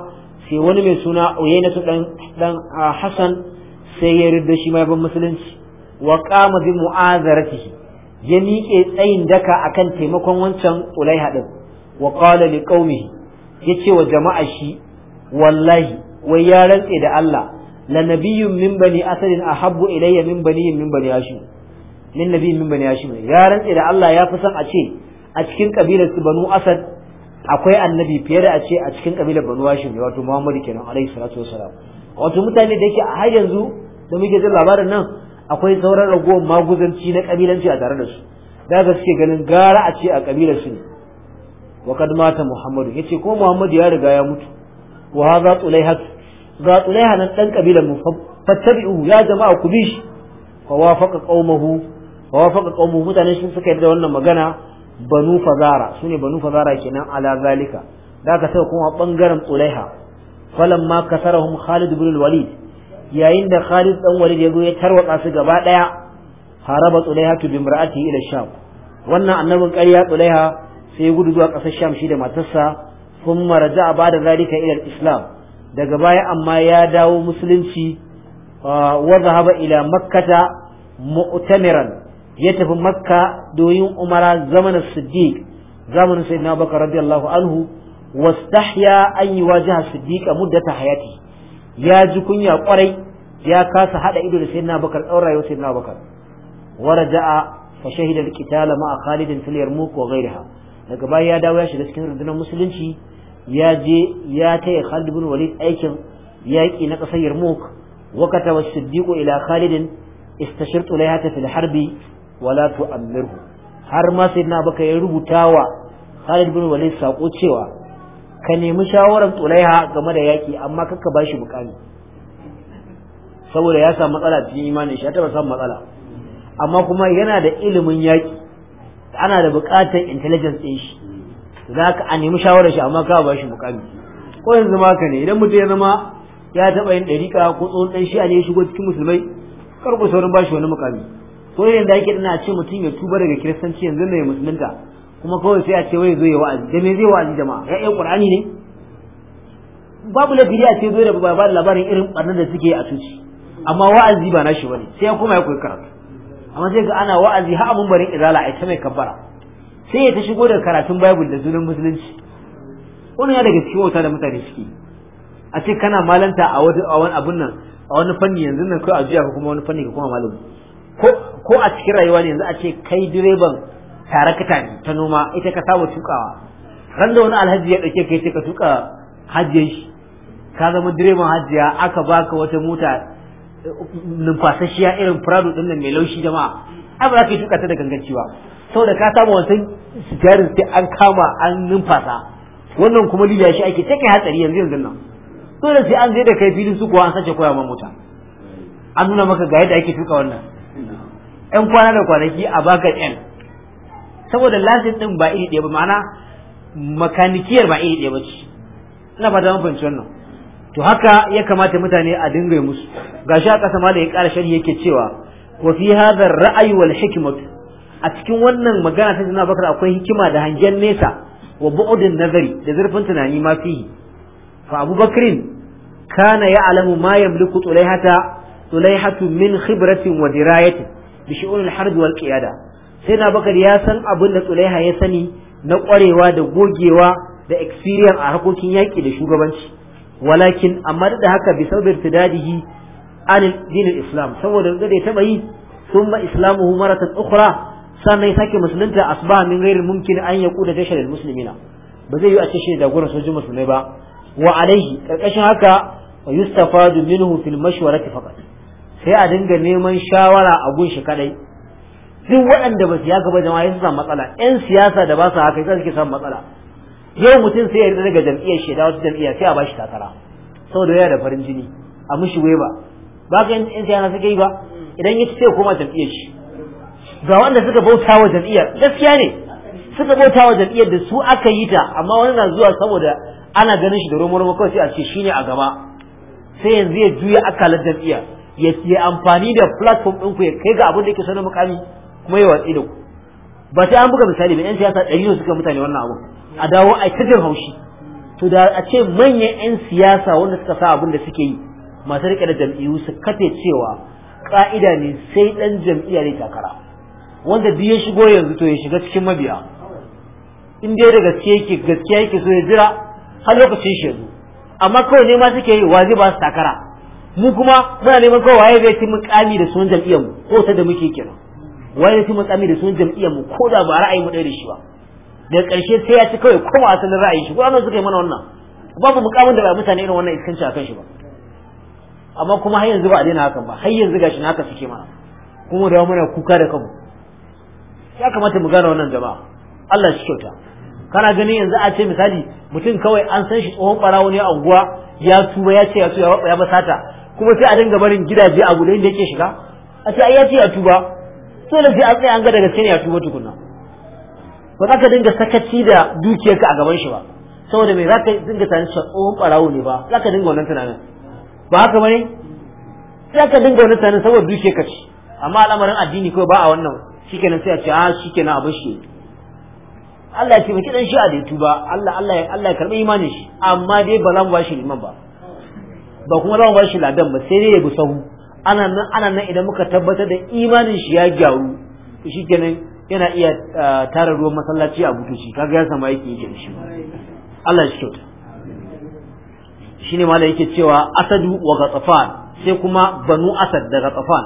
sai wani mai suna uyaynatu dan dan Hassan sai ya ridda shi ma ban musulunci wa qama bi mu'azaratihi ya miƙe tsayin daka akan taimakon wancan ulaiha din wa qala li qaumihi yace wa jama'a shi wallahi wai ya rantse da Allah la nabiyyun min bani asadin ahabbu ilayya min bani min bani hashim min nabiyyin min bani hashim ya rantse da Allah ya fi son a ce a cikin kabilar su banu asad akwai annabi fiye da a ce a cikin kabilar banu hashim wato muhammadu kenan alayhi salatu wasalam wato mutane da yake a har yanzu da muke jin labarin nan akwai sauran ragowar maguzanci na kabilanci a tare da su da suke ganin gara a ce a kabilar su ne wa kad mata muhammadu yace ko muhammadu ya riga ya mutu wa hadha tulaiha ga tulaiha nan dan kabilan mu fattabi'uhu ya jama'a ku bi shi fa wafaqa qaumahu fa wafaqa qaumahu mutanen shi wannan magana banu fazara sune banu fazara kenan ala zalika da ka sai kuma bangaren tulaiha falamma kasarahum khalid ibn walid yayin da khalid dan walid ya zo ya tarwatsa su gaba daya haraba tulaiha bi imra'ati da sham wannan annabin ƙarya tsulaiha. sai gudu zuwa ƙasar sham shi da matarsa sun maraja a ba da zalika ilal islam daga baya amma ya dawo musulunci wa zahaba ila makkata mu'tamiran ya tafi makka doyin umara zamanin siddiq zamanin sayyidina bakar radiyallahu anhu wastahya an yuwajiha siddiq muddata hayati ya ji kunya kwarai ya kasa hada ido da sayyidina bakar tsawon rayuwar sayyidina bakar waraja'a fa shahida al-qitala ma'a khalidin fil yarmuk wa ghayriha daga baya ya dawo ya shiga cikin rundunar musulunci ya je ya taya Khalid bin Walid aikin yaƙi na ƙasar Yarmouk wakata wa siddiqu ila Khalid istashirtu ta fil harbi wala tu'ammirhu har ma sai na baka ya rubuta wa Khalid bin Walid sako cewa ka nemi shawaran Tulaiha game da yaƙi amma kakka ba shi bukani saboda ya samu matsala cikin imanin shi ya taɓa samun matsala amma kuma yana da ilimin yaƙi ana da buƙatar intelligence ɗin shi za ka a nemi shawarar shi amma ka ba shi mukami ko yanzu maka ka ne idan mutum ya zama ya taɓa yin ɗariƙa ko tsohon ɗan shi a ne shigo cikin musulmai kar ku saurin ba shi wani mukami ko yanzu da ake ina ce mutum ya tuba daga kiristanci yanzu ya musulunta kuma kawai sai a ce wai zo ya wa'azi da me zai wa'azi jama'a ya iya qur'ani ne babu lafi a ce zo da ba da labarin irin ɓarnar da suke a tuci amma wa'azi ba na nashi bane sai ya koma ya koyi karatu amma sai ga ana wa'azi ha abun barin izala ai ta mai kabbara sai ya ta shigo da karatun bible da sunan musulunci wannan ya daga cikin wauta da mutane suke a ce kana malanta a wani abun nan a wani fanni yanzu nan kai a juya kuma wani fanni ka kuma malamu ko ko a cikin rayuwa ne yanzu a ce kai direban tarakata ne ta noma ita ka samu tukawa ran da wani alhaji ya dauke kai ce ka tuka hajiyar shi ka zama direban hajjiya aka baka wata mota ya irin prado din nan mai laushi jama'a ai ba za ka yi tuka ta da ba. saboda ka samu wancan sigarin sai an kama an numfasa wannan kuma liliya shi ake take hatsari yanzu yanzu nan dole sai an zai da kai filin su kuwa an sace koya ma mota an nuna maka ga yadda ake tuka wannan yan kwana da kwanaki a baka yan saboda lasin din ba iri ɗaya ba ma'ana makanikiyar ba iri ɗaya ba ce ina fata mun fahimci wannan to haka ya kamata mutane a dinga musu ga shi a ƙasa da ya ƙara sharhi yake cewa wa fi hadha ra'ayi wal hikmat a cikin wannan magana ta Ibn Bakar akwai hikima da hangen nesa wa bu'udin nazari da zurfin tunani ma fihi fa Abu Bakrin kana ya'lamu ma yamliku tulaihata tulaihatu min khibratin wa dirayatin bi shu'unil harb wal qiyada sai na bakar ya san abin da tsulaiha ya sani na ƙwarewa da gogewa da experience a harkokin yaƙi da shugabanci walakin amma da haka bi sabbi irtidadihi an din islam saboda da ya taba yi thumma islamuhu maratan ukhra sannan sake musulunta asbaha min ghairi mumkin an yaquda jashar almuslimina ba zai yi a ce da jagoran sojin musulmai ba wa alaihi karkashin haka yustafadu minhu fil mashwarati faqat sai a dinga neman shawara a gun kaɗai duk waɗanda ba su ya gaba jama'a su samu matsala yan siyasa da ba su haka sai suke samu matsala yau mutum sai ya rida daga jam'iyyar shi da wata sai a bashi takara saboda yana da farin jini a mishi weba ba ba ka yan siyasa suke yi ba idan ya ci sai koma jam'iyyar shi ga wanda suka bauta wa jam'iyyar gaskiya ne suka bauta wa jam'iyyar da su aka yi ta amma wani na zuwa saboda ana ganin shi da romo romo kawai sai a ce shine a gaba sai yanzu ya juya akalar jam'iyyar ya ke amfani da platform ɗinku ya kai ga abin da yake sanar mukami kuma ya watsi da ku ba sai an buga misali ba yan siyasa ɗari ne suka mutane wannan abu a dawo a ta jin haushi to da a ce manyan 'yan siyasa wanda suka sa abin da suke yi masu rike da jam'iyyu su kafe cewa ka'ida ne sai dan jam'iyya ne takara wanda duk ya shigo yanzu to ya shiga cikin mabiya in dai da gaske yake gaskiya yake so ya jira har lokacin shi yanzu amma kawai ne ma suke yi wa zai ba su takara mu kuma muna neman kawai waye zai ci mukami da sunan jam'iyyar mu ko ta da muke kenan waye zai ci mukami da sunan jam'iyyar mu ko da ba ra'ayi mu ɗaya da shi ba da ƙarshe sai ya ci kawai kuma asalin ra'ayi shi gudanar suka yi mana wannan babu mukamin da ba mutane irin wannan iskanci a kan shi ba amma kuma har yanzu ba a daina hakan ba har yanzu gashi na haka suke mana kuma da mana kuka da kanmu ya kamata mu gane wannan jama'a Allah shi kyauta kana ganin yanzu a ce misali mutum kawai an san shi tsohon barawo ne a unguwa ya tuba ya ce ya tuba ya basata kuma sai a dinga barin gidaje a gudanar da yake shiga a ce ai ya ce ya tuba dole sai an tsaya an ga daga gaske ne ya tuba tukunna ba za ka dinga sakaci da dukiyarka a gaban shi ba saboda me za ka dinga tunanin tsohon ɓarawo ne ba za ka dinga wannan tunanin ba haka ba ne sai ka dinga wannan tunanin saboda dukiyarka ce amma al'amarin addini kawai ba a wannan shikenan sai a ce a ah, shikenan abin shi Allah ya ce baki dan shi a daitu ba Allah Allah Allah ya karbi imanin shi amma dai ba za mu bashi liman ba ba kuma za mu bashi ladan ba sai dai ya bi sahu ana nan ana nan idan muka tabbatar da imanin shi ya gyaru shikenan yana iya uh, tara ruwan masallaci a butuci kaga ya samu aiki yake shi Allah shi kyauta shine mala yake cewa asadu wa gatsafan sai kuma banu asad da gatsafan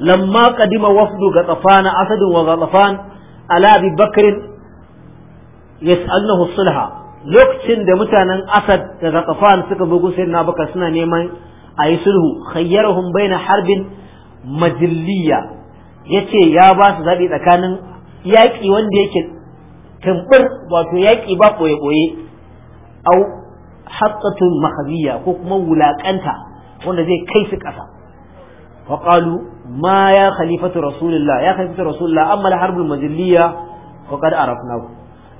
lamma qadima wafdu gatsafan asadu wa gatsafan ala bi bakr yas'aluhu sulha lokacin da mutanen asad da gatsafan suka bugu na baka suna neman ayi sulhu khayyarahum baina harbin majliya ya ce ya ba su zaɓi tsakanin yaƙi wanda yake tumbur wato yaƙi ba ɓoye-ɓoye au hattatun mahabiya ko kuma wulaƙanta wanda zai kai su ƙasa fa qalu ma ya khalifatu rasulillah ya khalifatu rasulullah amma al harbul majliya faqad arafnahu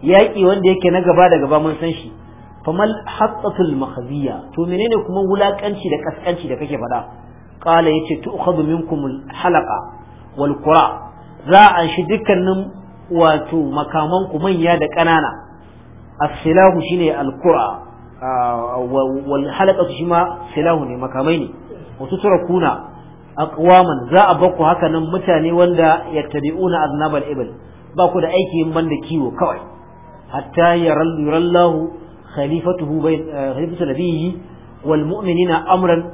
yaƙi wanda yake na gaba da gaba mun san shi famal hattatul makhziya to menene kuma wulaƙanci da kaskanci da kake faɗa qala yace tu'khadhu minkum halaqa Walƙura za a shi dukkanin wato makaman ku manya da ƙanana as-silahu shine al-qura wal halaqatu shima silahu ne makamai ne wasu turakuna aqwaman za a bakku haka nan mutane wanda yattabi'una aznabal ibil ba ku da aiki yin banda kiwo kawai hatta yarallahu khalifatuhu bayn eh, khalifatu nabiyyi wal mu'minina amran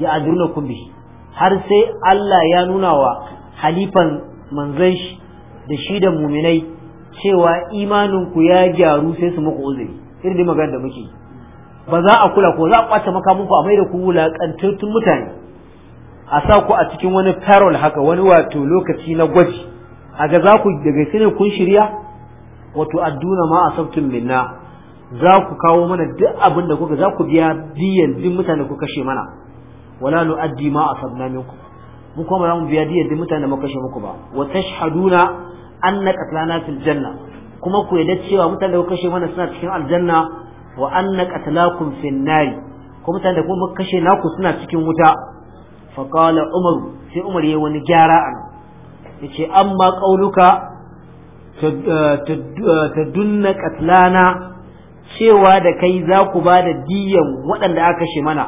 ya'duruna bihi har sai Allah ya nuna wa halifan manzon shi da shi da muminai cewa imaninku ya gyaru sai su muku uzuri irin da magana da muke ba za a kula ko za a kwace makamun ku a mai da ku wulakantattun mutane a sa ku a cikin wani parol haka wani wato lokaci na gwaji a ga za ku daga sine kun shirya wato adduna ma asabtum minna za ku kawo mana duk abin da kuka za ku biya biyan duk mutane ku kashe mana wala nu'addi ma asabna minkum mu kuma za mu biya diyar da mutane mu kashe muku ba wa tashhaduna anna qatlana fil janna kuma ku yadda cewa mutane da kashe mana suna cikin aljanna wa anna qatlakum fin nari kuma mutane da kuma kashe naku suna cikin wuta fa qala umar sai umar yayi wani gyara an yace amma qauluka tadunna qatlana cewa da kai za ku ba da diyan waɗanda aka kashe mana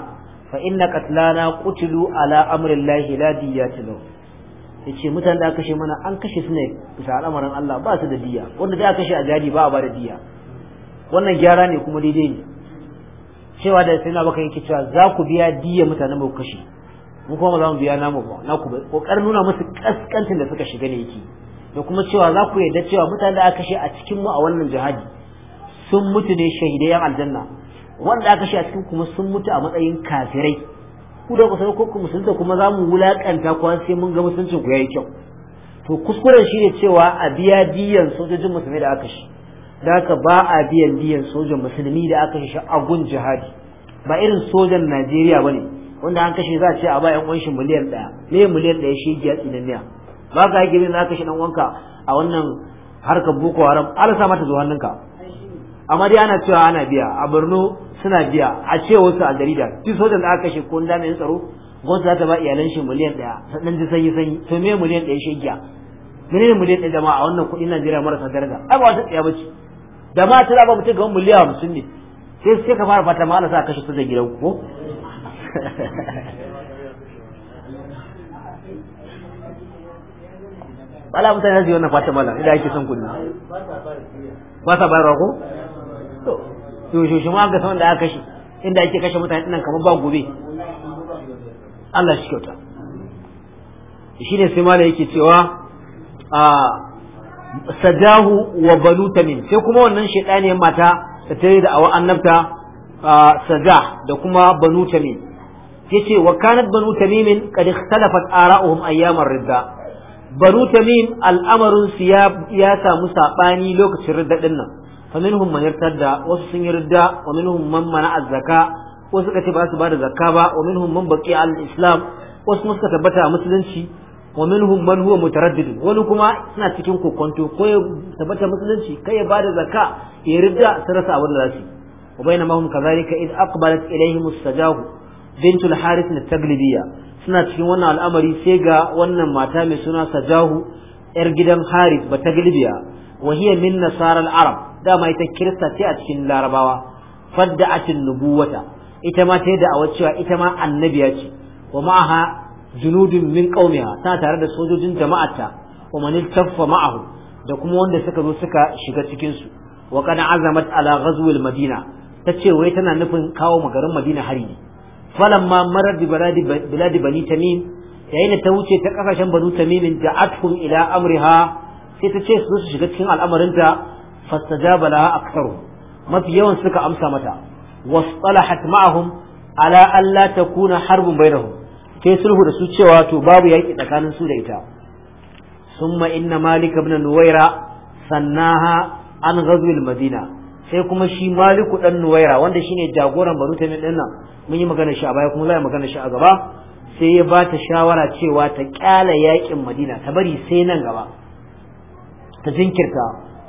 fa inna qatlana qutilu ala amri llahi la diyata yace mutanen da aka kashe mana an kashe su ne bisa al'amarin Allah ba su da diya wanda da aka kashe a jadi ba a ba da diya wannan gyara ne kuma daidai ne cewa da sai na baka yake cewa za ku biya diya mutanen ba ku kashe mu kuma za mu biya namu ba na ku kokar nuna musu kaskantin da suka shiga ne yake da kuma cewa za ku yarda cewa mutanen da aka kashe a cikin mu a wannan jihadi sun mutu ne shahidai yan aljanna wanda aka shi a cikin kuma sun mutu a matsayin kafirai ku da ku san ku musulunta kuma za mu wulakanta ku sai mun ga musuncin ku yayi kyau to kuskuren shine cewa a biya diyan sojojin musulmi da aka shi da aka ba a biyan diyan sojan musulmi da aka shi a gun jihadi ba irin sojan Najeriya bane wanda an kashe za a ce a ba yan uwan miliyan ɗaya miliyan miliyan ɗaya shi giya tsinanniya ba ka yake za ka shi dan wanka a wannan harkar boko haram alasa mata zo hannunka amma dai ana cewa ana biya a Borno suna biya a ce wasu a jarida duk sojan da aka kashe ko jami'in tsaro gwamnati za ta ba iyalan shi miliyan ɗaya sannan ji sanyi sanyi to me miliyan ɗaya shegiya menene miliyan ɗaya jama'a a wannan kuɗin Najeriya marasa daraja ai ba wata tsaya bace jama'a ta ba mutum gaban miliyan hamsin ne sai sai ka fara fata ma Allah sa kashe sojan gidan ko (laughs) wala mutane za yi wannan fata mala idan ake son kuɗi ba sa bayarwa ko yaushe shi ma ga saman da aka kashe inda ake kashe mutane nan kamar ba gobe Allah shi kyauta shi ne sai mala yake cewa a sadahu wa baluta min sai kuma wannan shaidaniyar mata da ta yi da awa annabta sadah da kuma banu tamim ce wa kanat banu tamimin qad ikhtalafat ara'uhum ayyamar ridda banu tamim al'amarin su ya samu sabani lokacin ridda din nan faminhum man yartadda wasu sun yarda wa minhum man mana zakka wasu suka ce ba su ba da zakka ba wa minhum man baqi al islam wasu suka tabbata a musulunci wa minhum man huwa mutaraddid wani kuma suna cikin kokonto ko ya tabbata musulunci kai ya bada zakka ya yarda su rasa abin da za su wa bainamahum kadhalika id aqbalat ilayhim as-sajahu bintu al-Harith al suna cikin wannan al'amari sai ga wannan mata mai suna Sajahu yar gidan Harith ba Taglibiya wa hiya min nasarar arab dama ita kirista ce a cikin larabawa fadda'atin nubuwata ita ma ta yi da'awar cewa ita ma annabiya ce wa ma'aha junudun min qaumiha ta tare da sojojin jama'arta wa man taffa ma'ahu da kuma wanda suka zo suka shiga cikin su wa qad azamat ala ghazwil madina tace wai tana nufin kawo magarin madina hari ne falamma marar bi biladi bani tamim yayin da ta wuce ta kasashen banu tamimin atkum ila amriha sai ta ce su shiga cikin al'amarinta fastajaba laha aktharu mafi yawan suka amsa mata wasalahat ma'ahum ala alla takuna harbun bainahum sai sulhu da su cewa to babu yaki tsakanin su da ita summa inna malik ibn nuwaira sannaha an ghazwil madina sai kuma shi maliku dan nuwaira wanda shine jagoran banu tamim din nan mun yi magana shi a baya kuma za mu magana shi a gaba sai ya ba ta shawara cewa ta kyala yakin madina ta bari sai nan gaba ta jinkirta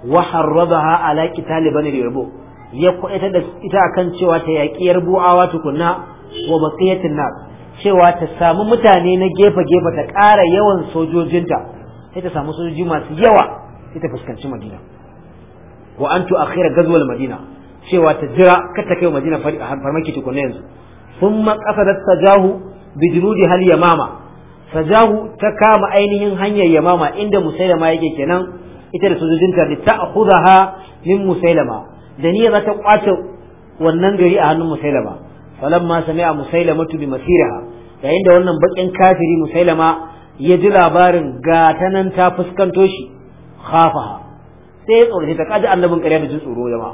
wa harrabaha ala qitali bani yarbu ya kwaita da ita akan cewa ta yaki yarbuawa tukunna wa baqiyatin nas cewa ta samu mutane na gefe gefe ta ƙara yawan sojojinta sai ta samu sojoji masu yawa sai ta fuskanci madina wa antu akhira gazwal madina cewa ta jira kar ta kai madina farmaki tukunna yanzu thumma qasadat tajahu bi junudi hal yamama tajahu ta kama ainihin hanyar yamama inda musailama yake kenan ita da sojojinta da ta'khudha min musailama da niyya za ta kwace wannan gari a hannun musailama falamma sami'a musailama bi masiraha yayin da wannan bakin kafiri musailama ya ji labarin gatanan ta fuskanto shi khafaha sai ya tsorace ta kaji annabin ƙarya da jin tsoro jama'a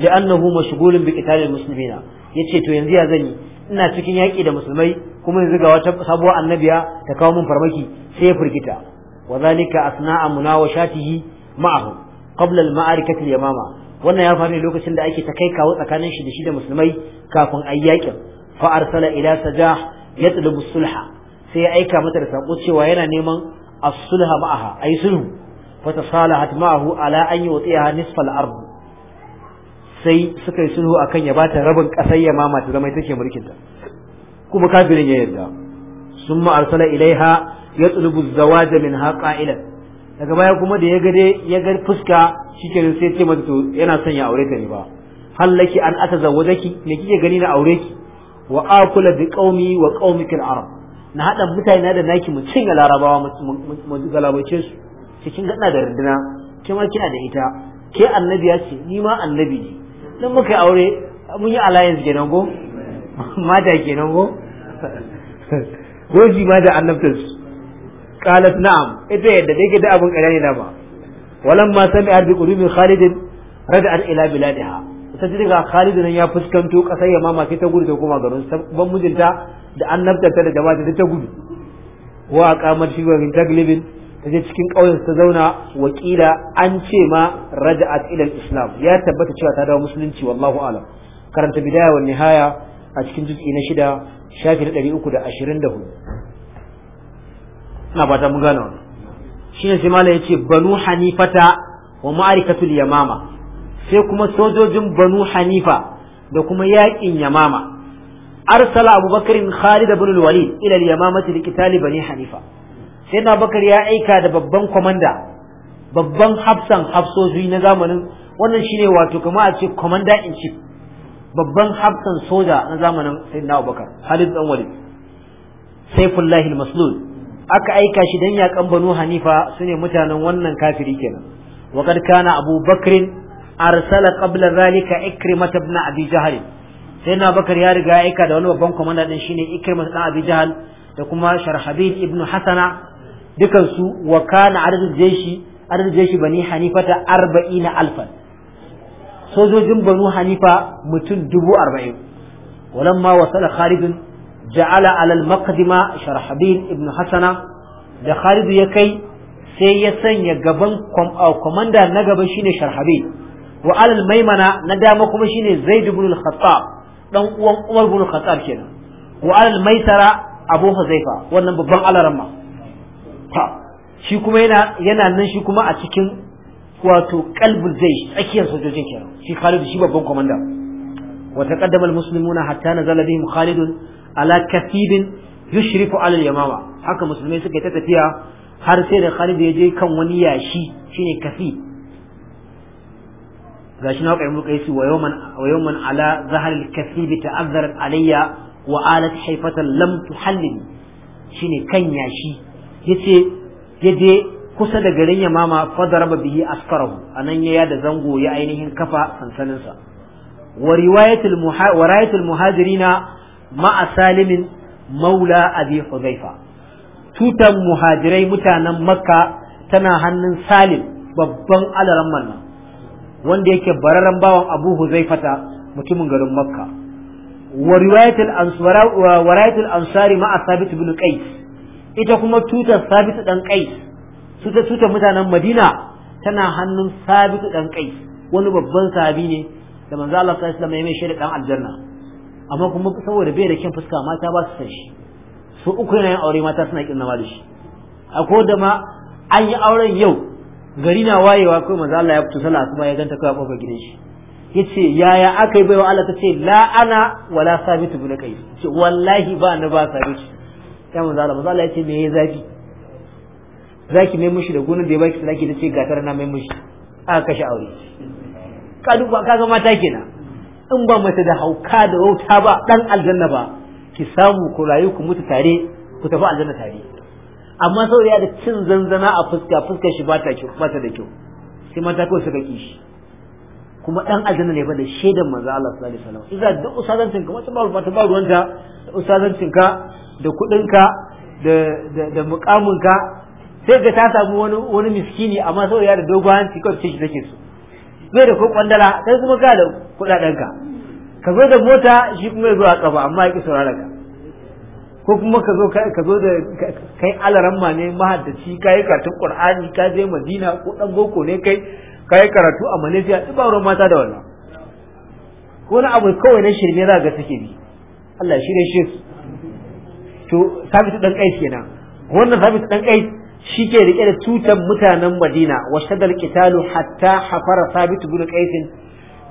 da annahu mashghulun bi qitalil muslimina yace to yanzu ya zani ina cikin yaƙi da musulmai kuma yanzu ga wata sabuwar annabiya ta kawo min farmaki sai ya firgita وذلك أثناء مناوشاته معه قبل المعركة اليمامة wannan ya faru ne lokacin da ake ta kai kawo tsakanin shi da shi da musulmai kafin ayyakin fa arsala ila sajah yatlubu sulha sai ya aika mata da sako cewa yana neman as-sulha ma'aha ay sulhu fa tasalahat ma'ahu ala an yutiha nisfa al-ard sai suka yi sulhu akan ya bata rabin kasar yamama ta zama take mulkin ta kuma kafirin ya yarda summa arsala ilaiha ya tsulubu zawaja min haƙa ilan daga baya kuma da ya ga ya ga fuska shikenan sai ce mata to yana son ya aure ta ne ba hallaki an ata zawwajaki me kike gani na aure ki wa akula bi qaumi wa qaumikal arab na hada mutane da naki mu cin larabawa mu galabace su cikin gaɗa da runduna ma kina da ita ke annabi ya ce ni ma annabi ne dan muka aure mun yi alliance kenan go (laughs) mata kenan go goji (laughs) ma da annabtar su qalat na'am ita yadda dai da abun ƙarya ne dama walamma sami'at bi qulubi khalid rad'at ila biladiha ta ji daga Khalid nan ya fuskanto kasar ya sai ta gudu ta koma garin ban mijinta da annabta ta da jama'a ta ta gudu wa aqamat shi wa taglibin ta je cikin ƙauyen ta zauna wakila an ce ma raja'at ila islam ya tabbata cewa ta dawo musulunci wallahu alam karanta bidaya wa nihaya a cikin juz'i na shida shafi na ɗari uku da da ashirin 324 ina fata mun gane wannan ne sai ya ce banu hanifata wa ma'arikatul yamama sai kuma sojojin banu hanifa da kuma Yaƙin yamama arsala abubakar khalid ibn walid ila al-yamamati liqitali bani hanifa sai na bakar ya aika da babban komanda babban hafsan hafsoji na zamanin wannan shine wato kuma a ce commander in chief babban hafsan soja na zamanin sayyidina abubakar khalid ibn walid sayfullahi al-maslul aka aika shi dan yakan banu hanifa sune mutanen wannan kafiri kenan wa kad kana abu arsala qabla zalika ikrimah ibn abi jahl sai na bakar ya riga aika da wani babban komanda din shine ikrimah ibn abi jahl da kuma sharhabil ibn hasana dukan su wa kana adadul jeshi adadul jeshi bani hanifata 40 alfan sojojin banu hanifa mutum dubu arba'in walamma wasala khalidun ja'ala alal maqdima sharhabil ibn hasana da khalidu ya kai sai ya sanya gaban komanda na gaba shine sharhabil wa alal maimana na dama kuma shine zaid ibn al-khattab dan uwan umar ibn al-khattab kenan wa alal maisara abu huzaifa wannan babban alaramma ta shi kuma yana yana nan shi kuma a cikin wato kalbul zai tsakiyar sojojin kenan shi Khalid shi babban komanda wa taqaddama al-muslimuna hatta nazala bihim Khalid ala kasibin yushrifu ala yamama haka musulmai suka ta tafiya har sai da Khalid ya je kan wani yashi shine kasib gashi na kai muka yi wa yawman wa yawman ala zahar al ta'azzara alayya wa alat hayfatan lam tuhallil shine kan yashi yace yaje kusa da garin yamama fadaraba bihi askarahu anan ya yada zango ya ainihin kafa sansaninsa wa riwayatul muhajirin ma'a salimin maula abi huzaifa tutan muhajirai mutanen makka tana hannun salim babban alaran nan wanda yake bararren bawan abu huzaifata mutumin garin makka wa riwayatul ansari ma'a sabit bin qais ita kuma tutar sabit dan qais tuta tutar mutanen madina tana hannun sabit dan qais wani babban sahabi ne da manzo Allah sallallahu alaihi wasallam ya mai shirkan aljanna amma kuma saboda bai da kyan fuska mata ba su san shi su uku yana yin aure mata suna kin na da shi akwai da ma an yi auren yau gari na wayewa kai maza Allah ya fito sallah kuma ya ganta kai a kofar gidan shi yace yaya aka yi baiwa Allah tace la ana wala sabitu bin kai ce wallahi ba na ba sabitu ya maza Allah maza Allah yace me yayi zafi zaki mai mushi da gonar da ya baki ta tace gatar na mai mushi aka kashe aure ka duba kaga mata kenan in ba mace da hauka da wauta ba dan aljanna ba ki samu ku rayu ku mutu tare ku tafi aljanna tare amma saboda ya da cin zanzana a fuska fuskar shi ba ta kyau ba ta da kyau sai mata kawai suka ki shi kuma dan aljanna ne fa da shaidan manzo Allah sallallahu alaihi wasallam idan duk usazancin ka wata ba ta ba ruwanta usazancin ka da kudin ka da da mukamin ka sai ga ta samu wani wani miskini amma saboda ya da dogon hanci kawai sai shi take so bai da ko kwandala sai kuma ka da kudaden ka ka zo da mota shi kuma ya zo a kafa amma ya ki sauraron ka ko kuma ka zo ka zo da kai ma ne mahaddaci ka yi karatun qur'ani ka je madina ko dan boko ne kai ka yi karatu a malaysia duk ba mata da wannan ko na abu kawai na shirme za ga suke bi Allah shirye shi to sabitu dan kai kenan wannan sabitu dan kai shi ke rike da tutan mutanen madina wa shadal qitalu hatta hafara sabit ibn qais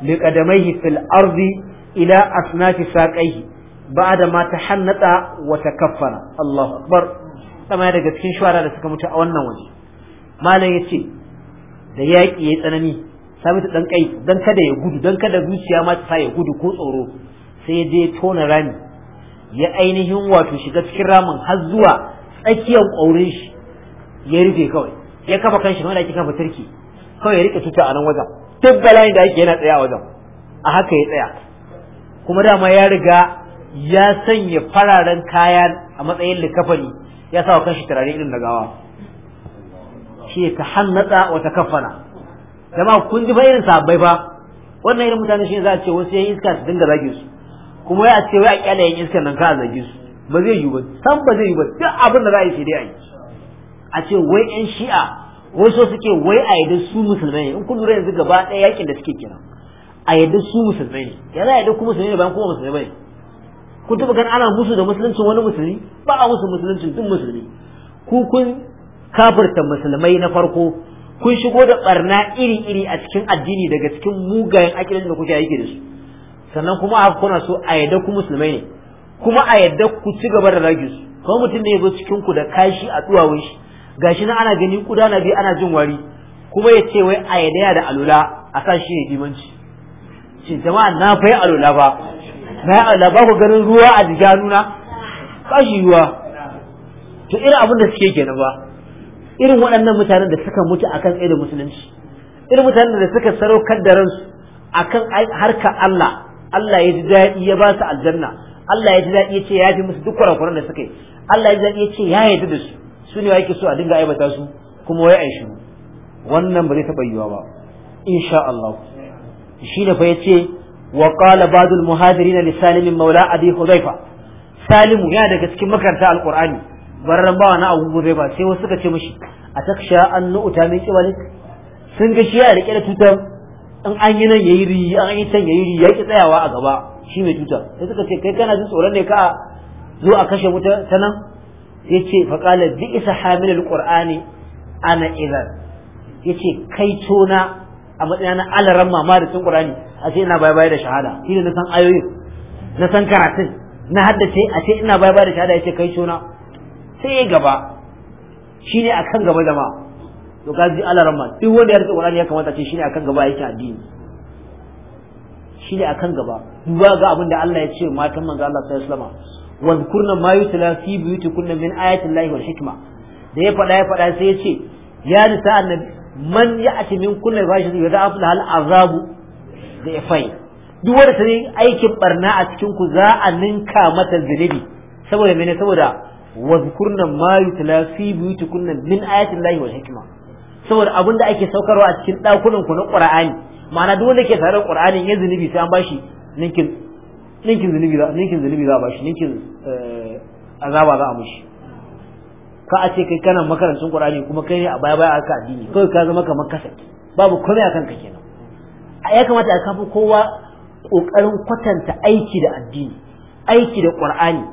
li qadamaihi fil ardi ila asnafi saqaihi ba'da ma tahannata wa takaffara Allahu akbar sama daga cikin shuwara da suka mutu a wannan waje malam yace da yaki yayi tsanani sabit dan kai dan kada ya gudu dan kada zuciya ma ta ya gudu ko tsoro sai ya je tona rami ya ainihin wato shiga cikin ramin har zuwa tsakiyar ƙaurin shi ya rufe kawai ya kafa kanshi wanda ake kafa turki kawai ya rike tuta a nan wajen duk bala'in da ake yana tsaya a wajen a haka ya tsaya kuma dama ya riga ya sanya fararen kaya a matsayin likafani ya sa wa kanshi turare irin da gawa shi ta hannatsa wata kafana jama'a kun ji irin sabbai fa wannan irin mutane shi za a ce wasu yan iska su dinga zage su kuma ya ce wai a kyale yan iska nan ka zage su ba zai yi ba san ba zai yi ba duk abin da za a yi sai dai a a ce wai yan shi'a wai so suke wai a yadda su musulmai ne in kun lura yanzu gaba ɗaya yakin da suke kira. a yadda su musulmai ne ya za a yadda ku musulmai ne bayan kuma musulmai ne kun taɓa gan ana musu da musuluncin wani musulmi ba a musu musuluncin duk musulmi ku kun kafirta musulmai na farko kun shigo da barna iri-iri a cikin addini daga cikin mugayen akidar da kuke aiki da su sannan kuma a kuna so a yadda ku musulmai ne kuma a yadda ku ci gaba da rage su kuma mutum ne ya zo cikin ku da kashi a duwawun shi gashi nan ana gani kuda na bi ana jin wari kuma ya ce wai a yadaya da alula a sa shi ne dimanci shi jama'a na fai alula ba na alula ba ku ganin ruwa a jiga nuna kashi ruwa to irin abin da suke gina ba irin waɗannan mutanen da suka mutu akan tsaye da musulunci irin mutanen da suka saraukar da ransu akan harka Allah Allah ya ji daɗi ya ba su aljanna Allah ya ji daɗi ya ce ya fi musu duk kurakuran da suka yi Allah ya ji daɗi ya ce ya yarda da su su ne yake so a dinga aibata su kuma wai shiru wannan ba zai taɓa yiwa ba insha Allah shi ne fa yace wa qala ba'dul muhadirin li salim maula abi hudayfa salimu ya daga cikin makaranta alqur'ani barran bawa na abu hudayfa sai wasu suka ce mishi ataksha an nu'ta min qibalik sun ga shi ya rike da tutar in an yi nan yayi ri an yi tan yayi ri ya tsayawa a gaba shi mai tutar sai suka ce kai kana jin tsoron ne ka zo a kashe mu ta nan yace fa qala bi isa hamilul qur'ani ana idan yace kai tona a matsayin na alaran mama da tun ƙur'ani a ce ina baya baya da shahada shi na san ayoyin na san karatun na haddace a ce ina baya baya da shahada ya ce kai tona sai gaba shine kan gaba jama'a to kaji alaran ma duk wanda ya rike qur'ani ya kamata ce shine kan gaba yake addini shine kan gaba duba ga abin da Allah ya ce matan manzo Allah sallallahu alaihi wasallam wa zkurna ma yutla fi buyutikunna min ayati llahi wal hikma da ya faɗa ya faɗa sai ya ce ya nisa annabi man ya ati min kunna fashi ya da afla hal azabu da ya fai duk wanda ta yi aikin barna a cikin ku za a ninka mata zunubi saboda mene saboda wa zkurna ma yutla fi buyutikunna min ayati llahi wal hikma saboda abin da ake saukarwa a cikin dakunan ku na Qur'ani ma'ana duk wanda ke tare da Qur'ani ya zunubi sai an bashi ninkin ninkin zunubi za ninkin zunubi za a bashi ninkin eh, azaba za a mishi ka a ce kai kana makarantun Qur'ani kuma kai ne a baya baya aka addini kai ka zama kamar kasat babu komai akan ka kenan ya kamata a kafa kowa kokarin kwatanta aiki da addini aiki da Qur'ani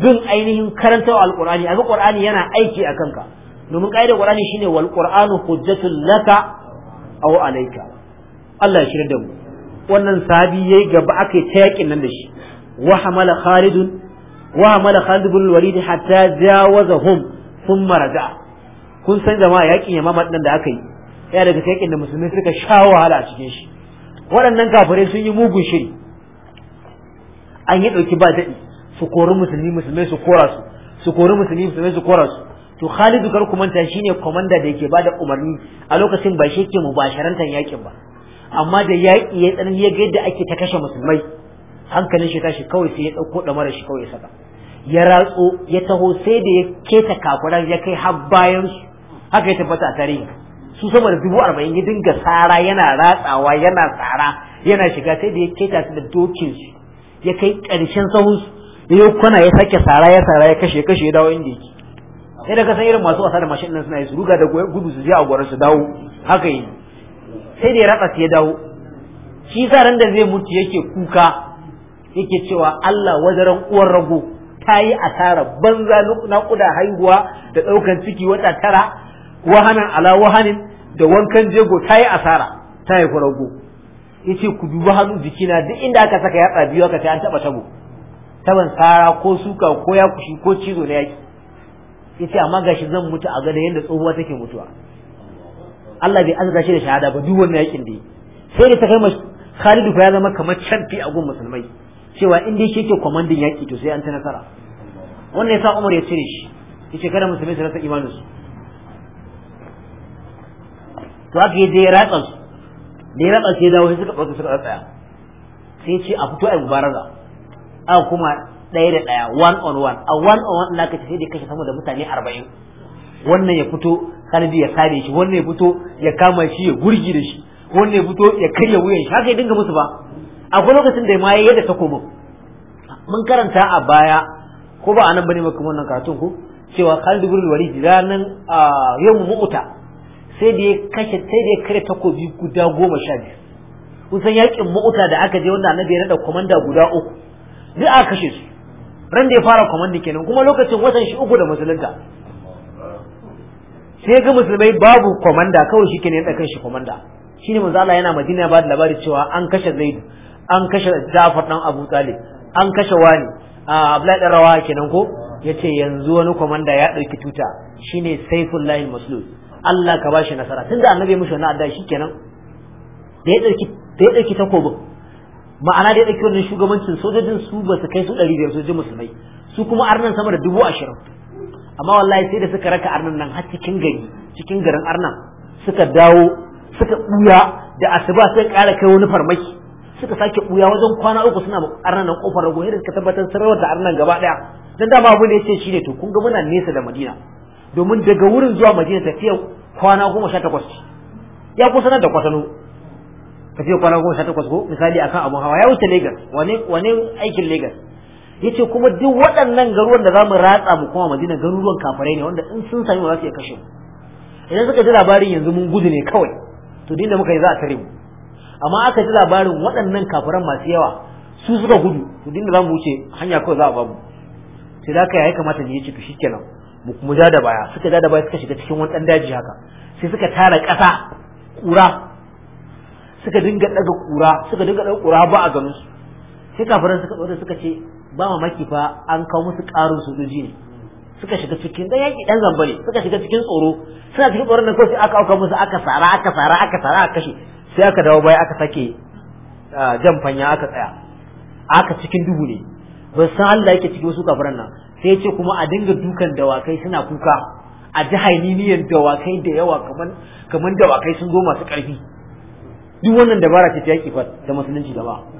bin ainihin karanta alqur'ani aga qur'ani yana aiki a kanka domin da qur'ani shine wal qur'anu hujjatul laka aw alayka Allah ya shirya da mu wannan sahabi yayi gaba aka yi ta yakin nan da shi wa hamala khalid wa hamala khalid bin walid hatta jawazahum thumma raja kun san jama'a yakin yamama din da aka yi ya daga yakin da musulmi suka sha wahala a cikin shi waɗannan kafirai sun yi mugun shiri an yi ɗauki ba daɗi su kori musulmi musulmai su kora su su kori musulmi musulmai su kora su to Khalidu kar ku manta shine komanda da yake bada umarni a lokacin ba shi yake mubasharantan yakin ba amma da yaƙi ya tsanani ya ga yadda ake ta kashe musulmai hankalin shi tashi kawai sai ya ɗauko ɗamarar shi kawai saka ya ratso ya taho sai da ya keta kakuran ya kai har bayan su haka ya tabbata a tarihi su sama da dubu arba'in ya dinga tsara yana ratsawa yana tsara yana shiga sai da ya keta su da dokin shi ya kai ƙarshen sahun su ya kwana ya sake tsara ya tsara ya kashe kashe ya dawo inda yake sai da ka san irin masu wasa da mashin nan suna yi su ruga da gudu su je a gwara su dawo haka yi sai da ya sai ya dawo shi sa ran da zai mutu yake kuka yake cewa Allah wajaran uwar rago ta yi asara banza naƙuda haihuwa da ɗaukan ciki wata tara wahanan ala wahanin da wankan jego ta yi asara ta yi ku rago yace ku dubi hannu jikina duk inda aka saka yatsa biyu aka ce an taɓa tabo taban sara ko suka ko ya kushi ko cizo na yaki yace amma gashi zan mutu a gada yadda tsohuwa take mutuwa Allah bai azza shi da shahada ba duk wannan yakin da yi sai da ta kai Khalidu fa ya zama kamar canfi a gun musulmai cewa in dai shi ke kwamandin yaki to sai an ta nasara wannan ya sa Umar ya cire shi ce kada musulmai su rasa imanin su to aka yi dai ratsa su da ya ratsa sai dawo sai suka ɗauka suka tsaya sai ce a fito a yi mubaraza a kuma ɗaya da ɗaya one on one a one on one naka ce sai da kashe sama da mutane arba'in wannan ya fito sanadi ya kare shi wannan ya fito ya kama shi ya gurgi da shi wannan ya fito ya karya wuyan shi haka ya dinga musu ba akwai lokacin da ma ya ta takobin mun karanta a baya ko ba anan bane maka wannan karatun ko cewa Khalid ibn Walid ranan yawmu mu'ta sai da ya kashe sai da ya kare takobi guda goma sha biyu kusan yakin mu'uta da aka je wanda annabi ya rada komanda guda uku duk aka kashe su ran da ya fara komanda kenan kuma lokacin watan shi uku da musulunta sai ga musulmai babu komanda kawai shi kenan kan shi komanda shine manzo Allah yana Madina ba da labari cewa an kashe Zaid an kashe Ja'far dan Abu Talib an kashe wani Abdullahi dan rawa kenan ko yace yanzu wani komanda ya dauki tuta shine Saifullahi Maslul Allah ka bashi nasara tunda annabi mushi mishi wannan adda shikenan da ya dauki da ya dauki takobin ma'ana da ya dauki wannan shugabancin sojojin su ba su kai su biyar sojojin musulmai su kuma arnan sama da dubu ashirin amma wallahi sai da suka raka arnan nan har cikin gari cikin garin arnan suka dawo suka buya da asuba sai ƙara kai wani farmaki suka sake buya wajen kwana uku suna arnan nan kofar rago yadda suka tabbatar sun da arnan gaba daya dan dama abin ne yace shine to kun ga muna nesa da Madina domin daga wurin zuwa Madina tafiya kwana goma sha takwas ya kusa nan da kwatano tafiya kwana goma sha takwas ko misali akan abun hawa ya wuce Lagos wane wani aikin Lagos yace kuma duk waɗannan garuruwan da mu ratsa mu kuma Madina garuruwan kafirai ne wanda in sun sami ba za su iya kashe mu idan suka ji labarin yanzu mun gudu ne kawai to din da muka yi za a tare mu amma aka ji labarin waɗannan kafiran masu yawa su suka gudu to din da za mu wuce hanya kawai za a babu sai da ka ya kamata ne ce to kenan mu kuma ja da baya suka ja da baya suka shiga cikin wani ɗan daji haka sai suka tara ƙasa ƙura suka dinga ɗaga ƙura suka dinga ɗaga ƙura ba a ganin su sai kafiran suka tsoro suka ce ba mamaki fa an kawo musu ƙarin duji ne suka shiga cikin dan yaki dan zamba ne suka shiga cikin tsoro suna cikin tsoron nan ko sai aka auka musu aka sara aka sara aka sara aka kashe sai aka dawo baya aka sake jan fanya aka tsaya aka cikin duhu ne ba san Allah yake cikin su kafiran nan sai ya ce kuma a dinga dukan dawakai suna kuka a ji haininiyan dawakai da yawa kaman kaman dawakai sun zo masu ƙarfi duk wannan dabara ce ta yaki fa da musulunci gaba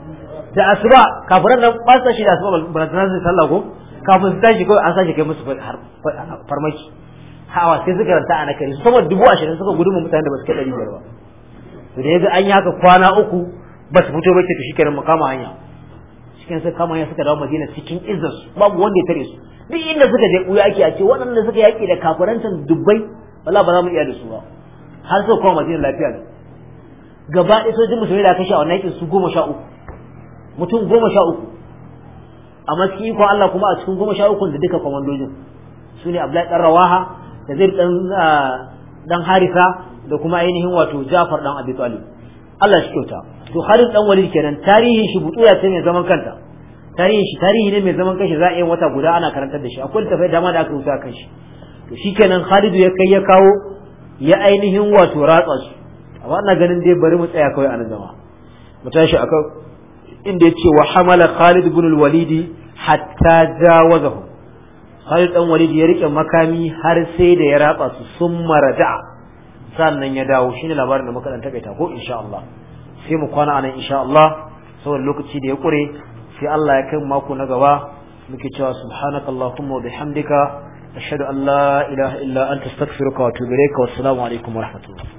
da asuba kafiran nan ba su shi da asuba ba za su sallah ko kafin su tashi kawai an sashi kai musu farmaki hawa sai suka ranta a kai su sama dubu ashirin suka gudu mutane da ba su kai ɗari biyar ba to da ya ga an yi haka kwana uku ba su fito ba ke to shi kenan makama hanya cikin suka kama hanya suka dawo madina cikin izzarsu babu wanda ya tare su duk inda suka je ɓuya ake a ce waɗanda suka yaƙi da kafirancin dubbai wala ba za mu iya da su ba har suka kuma madina lafiya ne gaba ɗaya sojin musulmi da aka sha a wannan yakin su goma sha uku mutum goma sha uku a matsayin ikon Allah kuma a cikin goma sha uku da duka kwamandojin su ne Abdullahi dan Rawaha da zai dan dan ah, Harisa da kuma ainihin wato Jafar dan Abi Talib Allah shi kyauta to harin dan Walid kenan tarihin shi ya ce mai zaman kanta tarihin shi tarihi ne mai zaman kanshi za a yi wata guda ana karantar da shi akwai littafai dama da aka rubuta kan shi to kenan Khalidu ya kai ya kawo ya ainihin wato ratsa su amma ina ganin dai bari mu tsaya kawai a nan zama mu tashi akan inda ce wa hamala Khalid ibn al-Walid hatta jawazahu Khalid dan Walid ya rike makami har sai da ya ratsa su sun marada sannan ya dawo shine labarin da muka dan takaita ko insha Allah sai mu kwana anan insha Allah saboda lokaci da ya kure sai Allah ya kai mako na gaba muke cewa subhanakallahumma wa bihamdika ashhadu an la ilaha illa anta astaghfiruka wa atubu ilayka wa assalamu alaikum wa rahmatullah